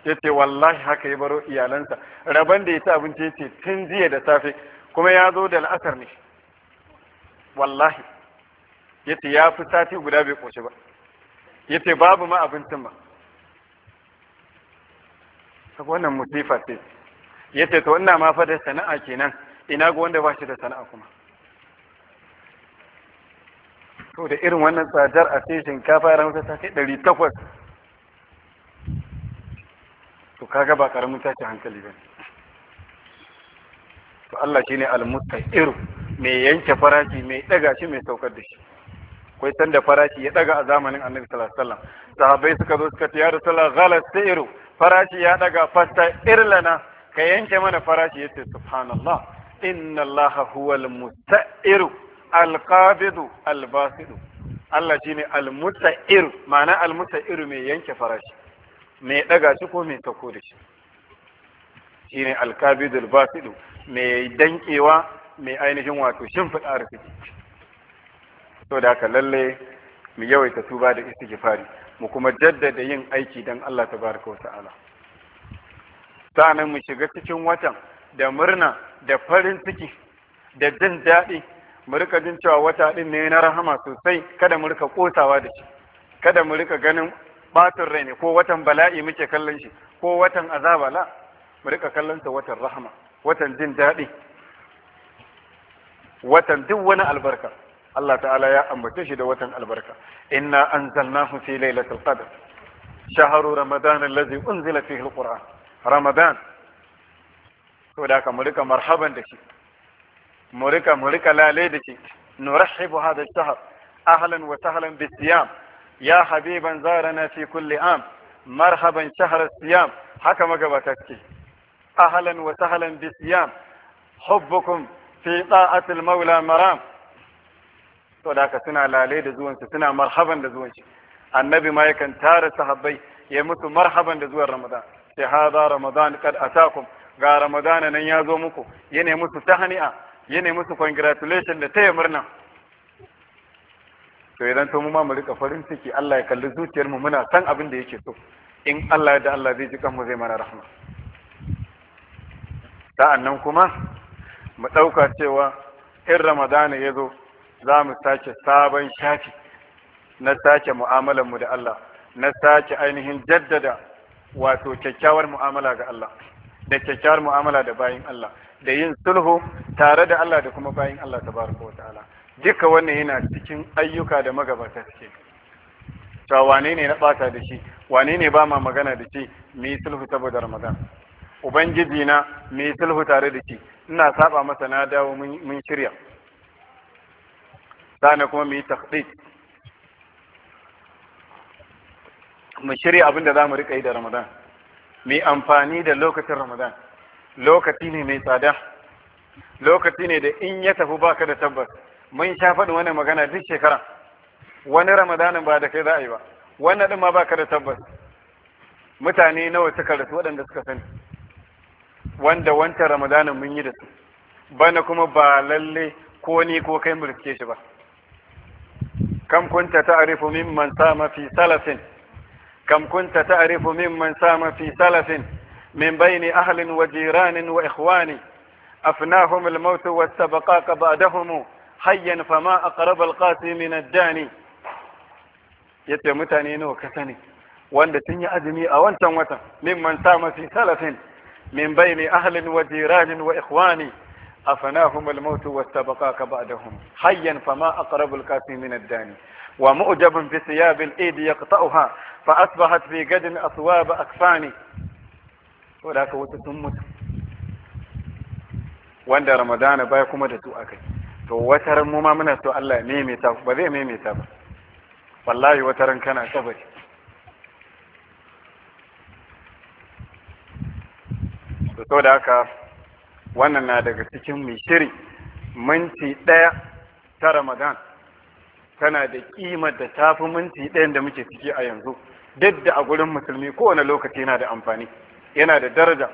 yace wallahi haka ya baro iyalansa rabon da ya ci abinci yace tun jiya da safe kuma ya zo da la'asar ne wallahi ya ce ya fi sati guda bai koshi ba ya ce babu ma abincin ba ta wannan musifa ce yace to ina ma fa da sana'a kenan ina ga wanda ba shi da sana'a kuma to da irin wannan tsadar a ce shinkafa ran ta sati ɗari takwas to kaga ba ƙaramin tashi hankali ba ne to Allah shine al-mustaqir mai yanke farashi mai daga shi mai saukar da shi akwai sanda farashi ya daga a zamanin Annabi sallallahu alaihi wasallam sahabbai suka zo suka ce ya rasulullah ghalas sa'iru farashi ya daga fasta irlana ka yanke mana farashi yace subhanallah inna Allah huwal musta'iru al kabidu al-basidu Allah shine al-musta'ir ma'ana al-musta'ir mai yanke farashi mai daga shi ko mai sako da shi shine al-kabidul mai dankewa mai ainihin wato shimfiɗa arziki to da ka lalle mu yawaita tuba da istighfari mu kuma jaddada yin aiki dan Allah Ta tabaraka ala, sa'anan mu shiga cikin watan da murna da farin ciki da jin daɗi mu rika jin cewa wata ɗin ne na rahama sosai kada mu rika kosawa da shi kada mu rika ganin batun rai ne ko watan bala'i muke kallon shi ko watan azabala mu rika kallon sa watan rahama watan jin daɗi watan duk wani albarka Allah ta'ala ya ambace shi da watan albarka inna anzalnahu fi lailatul qadr shahru ramadan allazi unzila fihi alquran ramadan to da ka murika marhaban da shi murika murika lale da shi nurahhibu hadha ash-shahr ahlan wa sahlan bi siyam ya habiban zarana fi kulli am marhaban shahr as-siyam haka magabata take أهلا وسهلا بسيام حبكم في طاعة المولى مرام to da haka suna lalai da zuwansu suna marhaban da zuwansu annabi ma yakan tara sahabai, ya mutu marhaban da zuwan ramadan sai hada ramadan kad atakum ga ramadan nan ya zo muku ya ne musu ya ne musu to idan to mu ma mu rika farin ciki Allah ya kalli zuciyar mu muna san abin da yake so in Allah ya da Allah zai ji kanmu zai mana rahma sa'annan kuma mu ɗauka cewa in ramadana ya zo za mu sake sabon shafi na sake mu'amalarmu da Allah na sake ainihin jaddada wato kyakkyawar mu'amala ga Allah da kyakkyawar mu'amala da bayin Allah da yin sulhu tare da Allah da kuma bayin Allah ta baraka wa ta'ala duka wannan yana cikin ayyuka da magabata suke cewa wane ne na bata da shi wane ne ba ma magana da shi mu yi sulhu saboda Ramadan ubangiji na me sulhu tare da shi ina saba masa na dawo mun shirya sana kuma mu yi Mun mu shirya abin da za mu rika yi da ramadan mu yi amfani da lokacin ramadan lokaci ne mai tsada lokaci ne da in ya tafi baka da tabbas mun sha faɗin wani magana duk shekara wani ramadanin ba da kai za a yi ba wannan ɗin ma baka da tabbas mutane nawa suka rasu waɗanda suka sani wanda wancan ramadanin mun yi da su bana kuma ba lalle ko ni ko kai mu riske shi ba kam kunta ta'rifu mimman sama fi salafin kam kunta ta'rifu mimman sama fi salafin min bayni ahlin wa jiranin wa ikhwani afnahum al-maut wa sabaqaka ba'dahum hayyan fama aqraba al-qasi min ad-dani yace mutane nawa ka sani wanda tun yi azumi a wancan watan mimman sama fi salafin من بين أهل وجيران وإخواني أفناهم الموت واستبقاك بعدهم حيا فما أقرب الكافي من الداني ومؤجب في ثياب الإيد يقطعها فأصبحت في قد أصواب أكفاني ولك وتتمت wanda ramadana baya kuma da su akai to wataran mu ma muna so Allah ya maimaita ba zai maimaita ba wallahi wataran kana kabari to da haka wannan na daga cikin mai shiri minti ɗaya ta ramadan tana da ƙimar da ta fi minti ɗayan da muke ciki a yanzu duk da a gurin musulmi kowane lokaci yana da amfani yana da daraja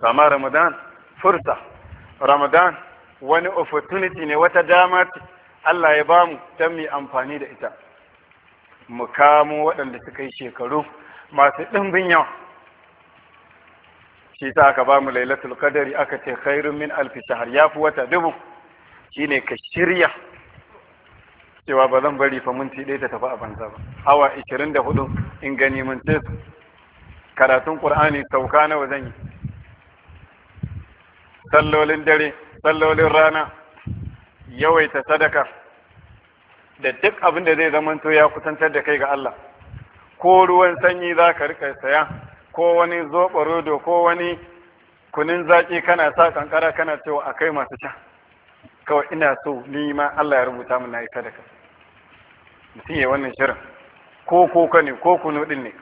Sama ramadan fursa ramadan wani opportunity ne wata dama Allah ya bamu ta mai amfani da ita mu kamo waɗanda suka yi shekaru masu ɗimbin yawa shi sa aka ba mu lailatul qadari aka ce khairun min alf shahr fi wata dubu shine ka shirya cewa ba zan bari fa minti ɗaya ta tafi a banza ba awa 24 in gani mun ce karatun qur'ani sauka nawa zan yi sallolin dare sallolin rana yawaita sadaka da duk abin da zai zamanto ya kusantar da kai ga Allah ko ruwan sanyi za ka rika saya ko wani rodo, ko wani kunin zaƙi kana sa ƙanƙara kana cewa kai masu sha kawai ina so ni ma Allah ya rubuta min na yi ka. mutum ya wannan shirin ko koko ne ko kunu ɗin ne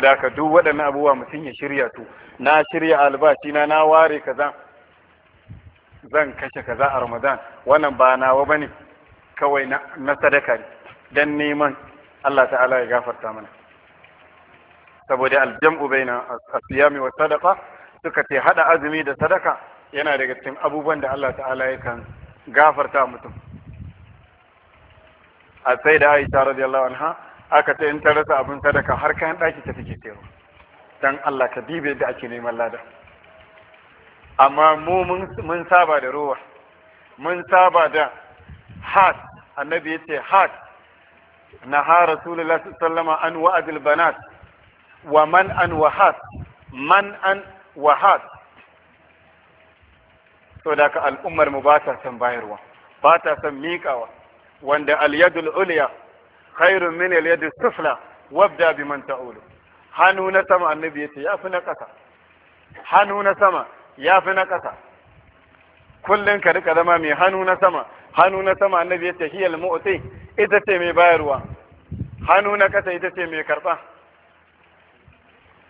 da aka duk waɗannan abubuwa mutum ya shirya su na shirya albashi na na ware kaza zan kashe kaza a ramadan wannan ba nawa ne. kawai na sadaka ne don neman Allah ta'ala ya gafarta mana saboda aljam'u baina asiyami wa sadaqa suka ce haɗa azumi da sadaka yana daga cikin abubuwan da Allah ta'ala ya kan gafarta mutum a sai da Aisha radiyallahu anha aka ce in ta rasa abin sadaka har kayan daki ta take tewa dan Allah ka dibe da ake neman lada amma mu mun saba da ruwa mun saba da hat annabi ce hat Na ha rasulullah sallama an wa'adil banat wa man an wahas man an wahas so da ka al'ummar mu ba ta son bayarwa ba ta son miƙawa wanda al-yadul ulya khairun min al-yadis sufla wabda biman ta'ulu hannu na sama annabi yace yafi na ƙasa hannu na sama ya fi na ƙasa kullun ka rika zama mai hannu na sama hannu na sama annabi yace hiyal mu'ti ita ce mai bayarwa hannu na ƙasa ita ce mai karɓa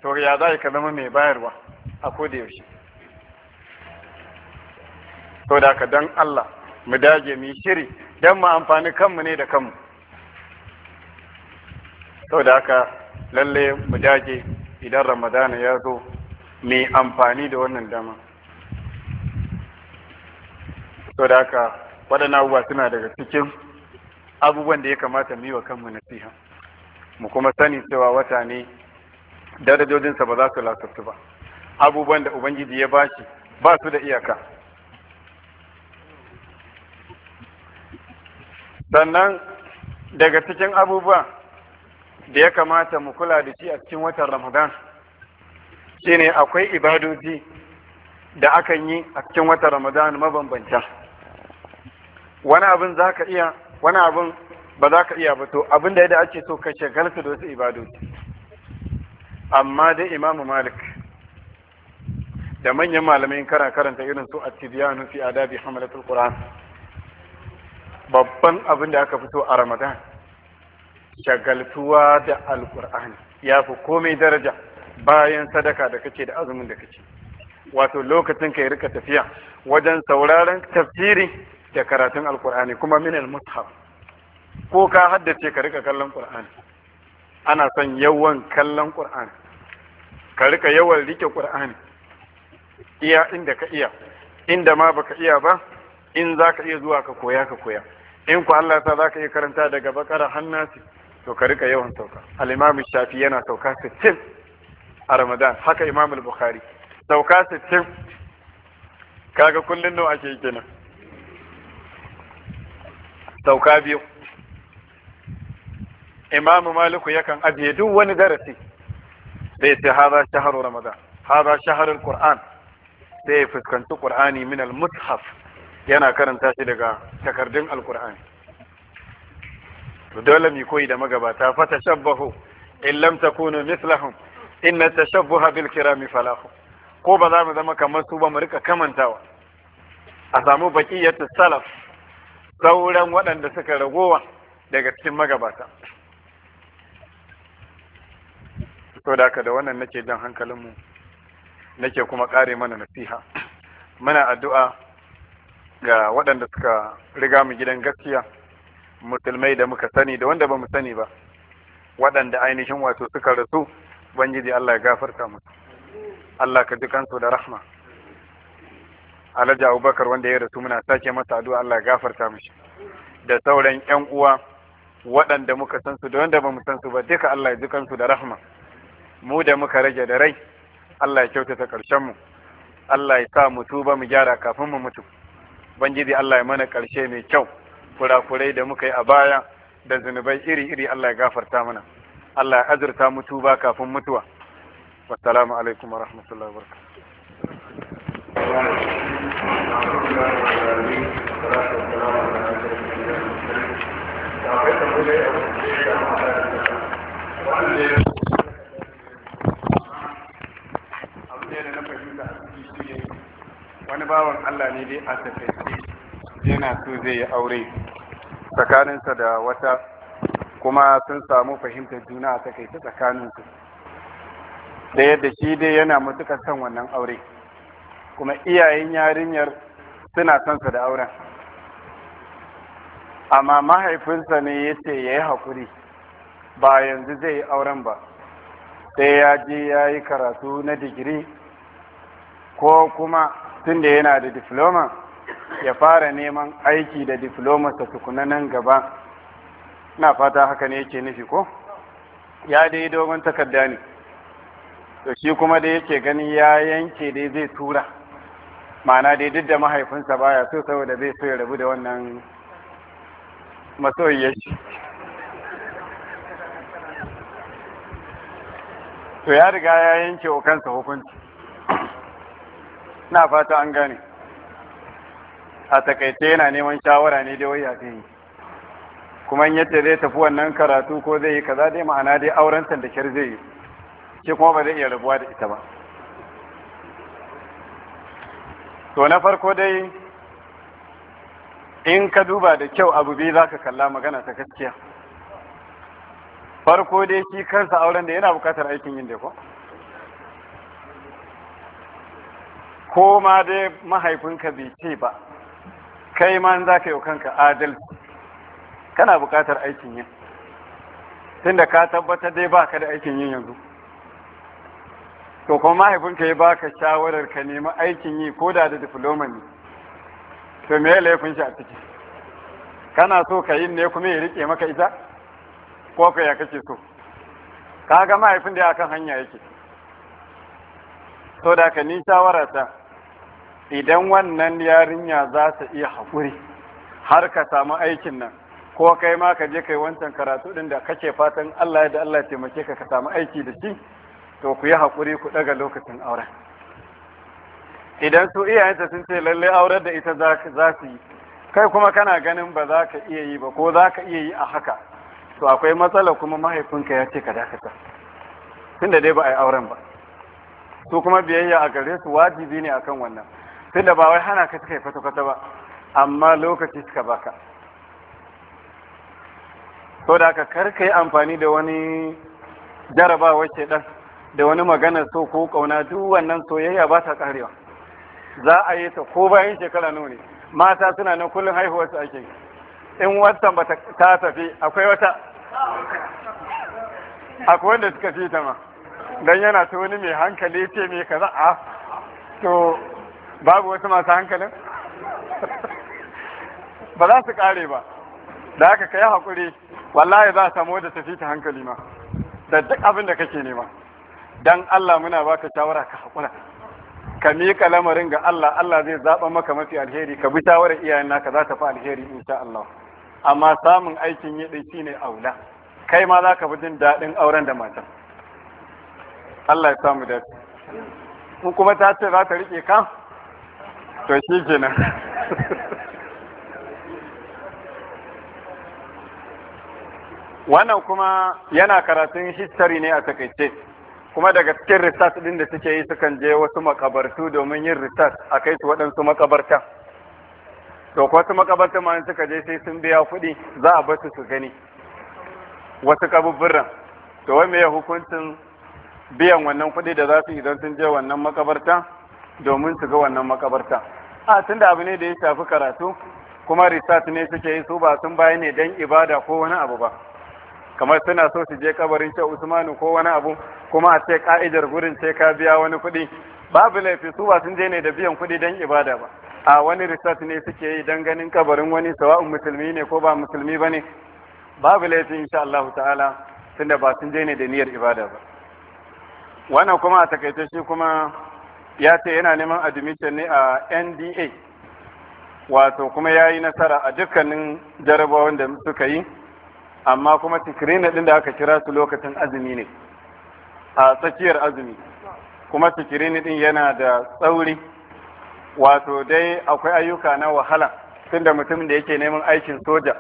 to ya za ka zama mai bayarwa a koda yaushe to da ka don Allah mu dage mu shiri don mu amfani kanmu ne da kanmu to da haka lalle mu dage idan ramadana ya zo mai amfani da wannan dama to da haka waɗannan abubuwa suna daga cikin abubuwan da ya kamata mu yi wa kanmu nasiha mu kuma sani cewa wata ne darajojinsa ba za su lasattu ba abubuwan da ubangiji ya bashi ba su da iyaka sannan daga cikin abubuwa da ya kamata mu kula da shi a cikin watan ramadan shine akwai ibadoji da akan yi a cikin watan ramadan mabambanta wani abin za ka iya wani abin ba za ka iya ba to abin da yadda ake so ka shagalta da wasu ibadoci amma dai imamu malik da manyan malamai kara karanta irin su a tibyanu fi adabi hamalatul qur'an babban abin da aka fito a ramadan shagaltuwa da alqur'ani ya fi komai daraja bayan sadaka da kake da azumin da kake wato lokacin ka ya rika tafiya wajen sauraron tafsiri da karatun alkur'ani kuma min al-mushaf ko ka haddace ka rika kallon qur'ani ana son yawan kallon qur'ani ka rika yawan rike qur'ani iya inda ka iya inda ma baka iya ba in zaka iya zuwa ka koya ka koya in ku Allah ta zaka iya karanta daga bakara hannasi to ka rika yawan sauka al-imam shafi yana sauka 60 a ramadan haka imam al-bukhari sauka 60 kaga kullun nawa ake kenan sauka biyu imamu maliku yakan ajiye duk wani darasi sai ce haza shaharu ramadan haza shaharul qur'an sai ya fuskanci qur'ani min al mushaf yana karanta shi daga takardun alqur'ani dole mi koyi da magabata fa tashabbahu in lam takunu mithlahum inna tashabbuha bil kirami falahu ko ba za mu zama kamar su ba mu rika kamantawa a samu baqiyatu salaf sauran waɗanda suka ragowa daga cikin magabata to da haka da wannan nake jan hankalinmu nake kuma ƙare mana nasiha muna addu'a ga waɗanda suka riga mu gidan gaskiya musulmai da muka sani da wanda ba mu sani ba waɗanda ainihin wato suka rasu ubangiji Allah ya gafarta musu Allah ka ji kansu da rahma Alhaji Abubakar wanda ya rasu muna sake masa addu'a Allah gafarta mishi da sauran ƴan uwa waɗanda muka san su da wanda bamu san su ba duka Allah ya jikan su da rahma mu da muka rage da rai Allah ya kyautata ƙarshen mu Allah ya sa mu tuba mu gyara kafin mu mutu Ubangiji Allah ya mana ƙarshe mai kyau kurakurai da muka yi a baya da zunubai iri-iri Allah ya gafarta mana Allah ya azurta mu tuba kafin mutuwa wassalamu alaikum wa rahmatullahi wa barakatuh wani bawan Allah ne dai a tafaiti yana so zai yi aure tsakaninsa da wata kuma sun samu fahimtar juna a takaice tsakaninsu da yadda shi dai yana matuka son wannan aure kuma iyayen yarinyar suna son da auren amma mahaifinsa ne ya ce ya yi haƙuri ba yanzu zai yi auren ba sai ya je ya yi karatu na digiri ko kuma tun da yana da diploma ya fara neman aiki da diploma ta tukuna nan gaba na fata haka ne yake nufi ko ya dai dogon takarda ne to shi kuma da yake gani ya yanke dai zai tura ma'ana dai duk da mahaifinsa baya so saboda zai so ya rabu da wannan masoyiyar to ya riga ya yanke wa kansa hukunci na fata an gane a takaice yana neman shawara ne dai ya fi yi kuma in yadda zai tafi wannan karatu ko zai yi kaza dai ma'ana dai auren da kyar zai yi shi kuma ba zai iya rabuwa da ita ba to na farko dai in ka duba da kyau abu biyu za ka kalla magana ta gaskiya farko dai shi kansa auren da yana bukatar aikin yin da ko ko ma dai mahaifinka bai ce ba kai ma za ka yi kanka adalci kana bukatar aikin yin tunda ka tabbatar dai ba ka da aikin yin yanzu to kuma mahaifinka ya baka shawarar ka nemi aikin yi ko da da diploma ne to me laifin shi a ciki kana so ka yi ne kuma ya rike maka ita ko ka ya kake so ka ga mahaifin da ya hanya yake to da ka ni shawara ta idan wannan yarinya za ta iya haƙuri har ka samu aikin nan ko kai ma ka je kai wancan karatu din da kake fatan Allah ya da Allah ya taimake ka ka samu aiki da shi to ku yi haƙuri ku ɗaga lokacin auren idan su iyayenta sun ce lallai auren da ita za su yi kai kuma kana ganin ba za ka iya yi ba ko za ka iya yi a haka to akwai matsala kuma mahaifinka ya ce ka dakata da dai ba a yi auren ba su kuma biyayya a gare su wajibi ne akan wannan da ba wai hana ka suka yi kwata-kwata ba amma lokaci suka baka ko da ka karka yi amfani da wani jarabawar ɗan. da wani magana so ko kauna duk wannan soyayya ba ta karewa za a yi ta ko bayan shekara nawa ne mata suna nan kullum haihuwar su ake in wasan ba ta tafi akwai wata akwai wanda suka fi ta ma dan yana ta wani mai hankali ce mai kaza a ah, to babu wasu masu hankalin ba za su kare ba da haka kai hakuri wallahi za a samu da tafi ta hankali ma da duk abin da kake nema dan Allah muna baka shawara ka hakura ka mika lamarin ga Allah Allah zai zaba maka mafi alheri ka bi shawarar iyayen naka za ta fi alheri insha Allah amma samun aikin yi din shine aula kai ma za ka fi jin daɗin auren da matan Allah ya samu da ku kuma ta ce za ta riƙe ka to shi kenan wannan kuma yana karatun history ne a takaice kuma daga cikin research din da suke yi sukan je wasu makabartu domin yin research a kai su waɗansu makabarta to ko wasu makabarta ma suka je sai sun biya kuɗi za a basu su gani wasu kabubburan to wai me hukuncin biyan wannan kuɗi da za su idan sun je wannan makabarta domin su ga wannan makabarta a da abu ne da ya shafi karatu kuma research ne suke yi su ba sun bayani ne don ibada ko wani abu ba kamar suna so su je kabarin ce Usmanu ko wani abu kuma a ce ka'idar gurin ce ka biya wani kuɗi babu laifi su ba sun je ne da biyan kuɗi don ibada ba a wani research ne suke yi don ganin kabarin wani sawa'un musulmi ne ko ba musulmi ba ne babu laifi insha Allah ta'ala tunda ba sun je ne da niyyar ibada ba wannan kuma a takaice shi kuma ya ce yana neman admission ne a NDA wato kuma ya yi nasara a dukkanin jarabawan da suka yi amma kuma tikrina din da aka kira su lokacin azumi ne a tsakiyar azumi kuma tikrina din yana da tsauri wato dai akwai ayyuka na wahala tunda mutum da yake neman aikin soja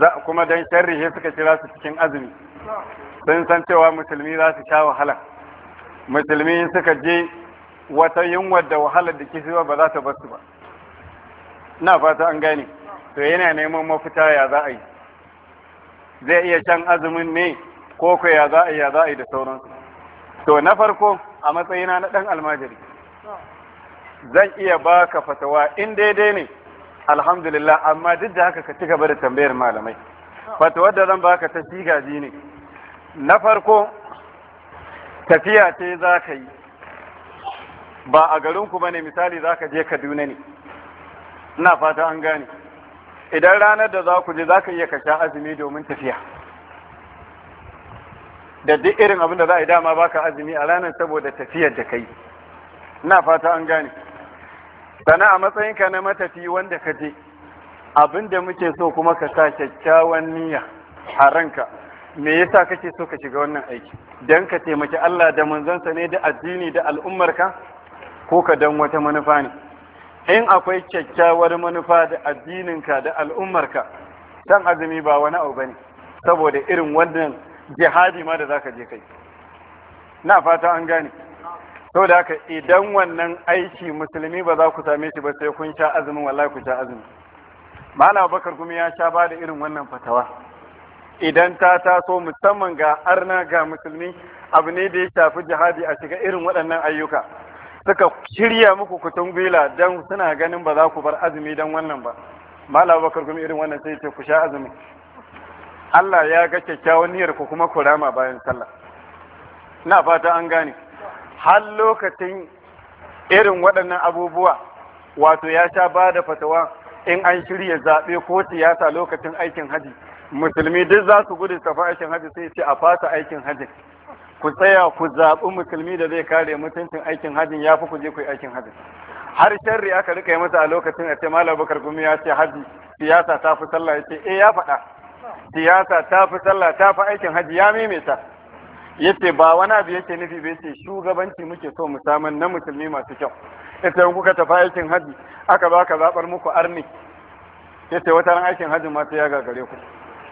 za kuma dan sharrihe suka kira su cikin azumi sun san cewa musulmi za su sha wahala musulmi suka je wata yunwar da wahalar da kisiwa ba za ta basu ba na fata an gane to yana neman mafita ya za a yi zai iya shan azumin ne ko ko ya za a ya za yi da sauransu to na farko a matsayina na ɗan almajiri zan iya baka fatawa in daidai ne alhamdulillah amma duk da haka ka ci gaba da tambayar malamai fatawar da zan baka ta sigaji ne na farko tafiya ce za ka yi ba a garinku ba ne misali za ka je kaduna ne ina fata an gane idan ranar da za ku je za ka iya kasha azumi domin tafiya da duk irin abin da za a yi dama ka azumi a ranar saboda tafiyar da kai na fata an gane sana a matsayinka na matafi wanda ka je abin da muke so kuma ka sa kyakkyawan niyya a ranka me yasa kake so ka shiga wannan aiki dan ka taimaki Allah da manzansa ne da addini da al'ummarka ko ka dan wata manufa ne in akwai kyakkyawar manufa da addininka da al'ummarka dan azumi ba wani abu bane saboda irin wannan jihadi ma da zaka je kai na fata an gane saboda haka idan wannan aiki musulmi ba za ku same shi ba sai kun sha azumin wallahi ku sha azumi malam bakar kuma ya sha bada irin wannan fatawa idan ta taso musamman ga arna ga musulmi abu ne da ya shafi jihadi a shiga irin waɗannan ayyuka suka shirya muku kutun gwila don suna ganin ba za ku bar azumi don wannan ba malam bakar kuma irin wannan sai ce ku sha azumi Allah ya ga kyakkyawan niyyar ku kuma ku rama bayan sallah na fata an gane har lokacin irin waɗannan abubuwa wato ya sha ba da fatawa in an shirya zaɓe ko siyasa lokacin aikin haji musulmi duk za su gudu tafi aikin haji sai ce a fasa aikin hajji. ku tsaya ku zaɓi musulmi da zai kare mutuncin aikin hajji ya fi ku je ku yi aikin hajji. har sharri aka rika yi masa a lokacin a ce malam bakar gumi ya ce hajji siyasa ta fi sallah ya ce eh ya faɗa siyasa ta fi sallah ta fi aikin hajji ya maimaita Ya ce ba wani abu yake nufi ba ce shugabanci muke so mu samun na musulmi masu kyau yace kuka tafi aikin hajji aka baka zaɓar muku arni ce wata ran aikin hajji ma sai ya gagare ku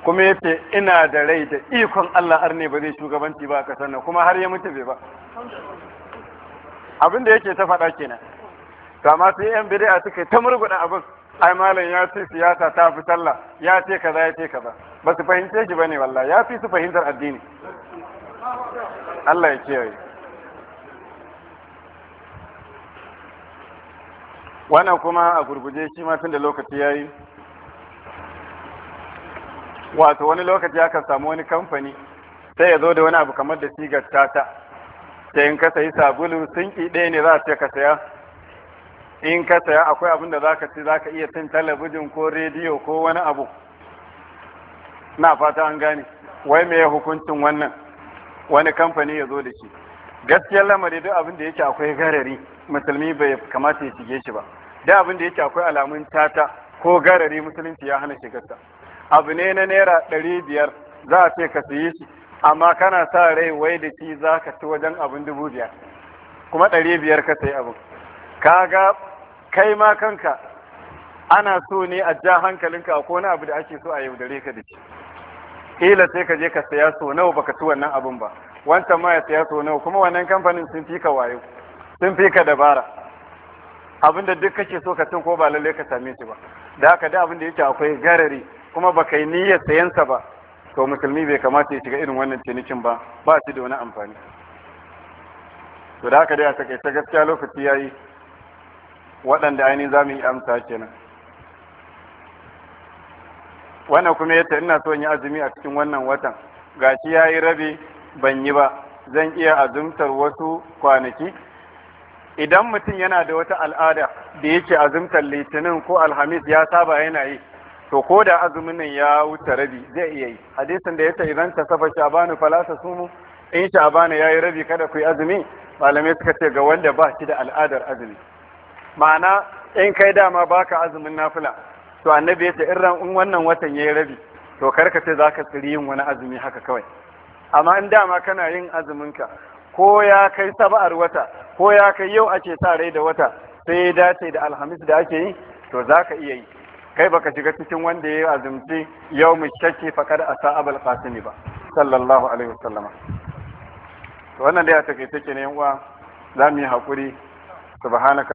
kuma ya ce ina da rai da ikon Allah har ne ba zai shugabanci ba a sannan kuma har ya mutu bai ba abin da yake ta faɗa kenan masu sai yan a suka ta murguɗa abin ai malam ya ce siyasa ta fi sallah ya ce kaza ya ce kaza ba su fahimce shi bane wallahi ya fi su fahimtar addini Allah ya kiyaye wannan kuma a gurguje shi ma tun da lokaci yayi wato wani lokaci aka samu wani kamfani sai ya zo da wani abu kamar da sigar tata sai in ka sayi sabulu sinki ɗaya ne za a ce ka saya in ka saya akwai abin da za ka ci za ka iya cin talabijin ko rediyo ko wani abu na fata an gane wai me hukuncin wannan wani kamfani ya zo da shi gaskiyar lamari duk abin da yake akwai garari musulmi bai kamata ya shige shi ba duk abin da yake akwai alamun tata ko garari musulunci ya hana shigarsa abu ne na naira ɗari biyar za a ce ka siye shi amma kana sa rai wai da shi za ka ci wajen abin dubu biyar kuma ɗari biyar ka sai abin Ka ga kai ma kanka ana so ne a ja hankalinka a kone abu da ake so a yaudare ka da shi Ila sai ka je ka saya so nawa baka ci wannan abin ba wancan ma ya saya so nawa kuma wannan kamfanin sun fi ka wayo sun fi ka dabara abin da duk kake so ka cin ko ba lallai ka same shi ba da haka da abin da yake akwai garari kuma ba kai niyyar sayansa ba to musulmi bai kamata ya shiga irin wannan cinikin ba ba shi da wani amfani to da haka dai a ta gaskiya lokaci yayi waɗanda ainihin za mu yi amsa kenan wannan kuma yace ina so in yi azumi a cikin wannan watan gashi yayi rabi ban yi ba zan iya azumtar wasu kwanaki idan mutum yana da wata al'ada da yake azumtar litinin ko alhamis ya saba yana yi to ko da azumin nan ya wuce rabi zai iya yi hadisin da yace idan ta safa sha'banu fala sumu, in sha'banu yayi rabi kada ku yi azumi malamai suka ce ga wanda ba shi da al'adar azumi ma'ana in kai dama baka azumin nafila to annabi ya in ran in wannan watan yayi rabi to kar ka ce zaka tsiri yin wani azumi haka kawai amma in dama kana yin azumin ka ko ya kai saba'ar wata ko ya kai yau ake sa rai da wata sai ya dace da alhamis da ake yi to zaka iya yi kai baka shiga cikin wanda ya yi azumci yau mu shakki faƙar a sa'abal qasimi ba sallallahu alaihi wasallama wannan dai a takaice ne yan uwa za mu yi haƙuri subhanaka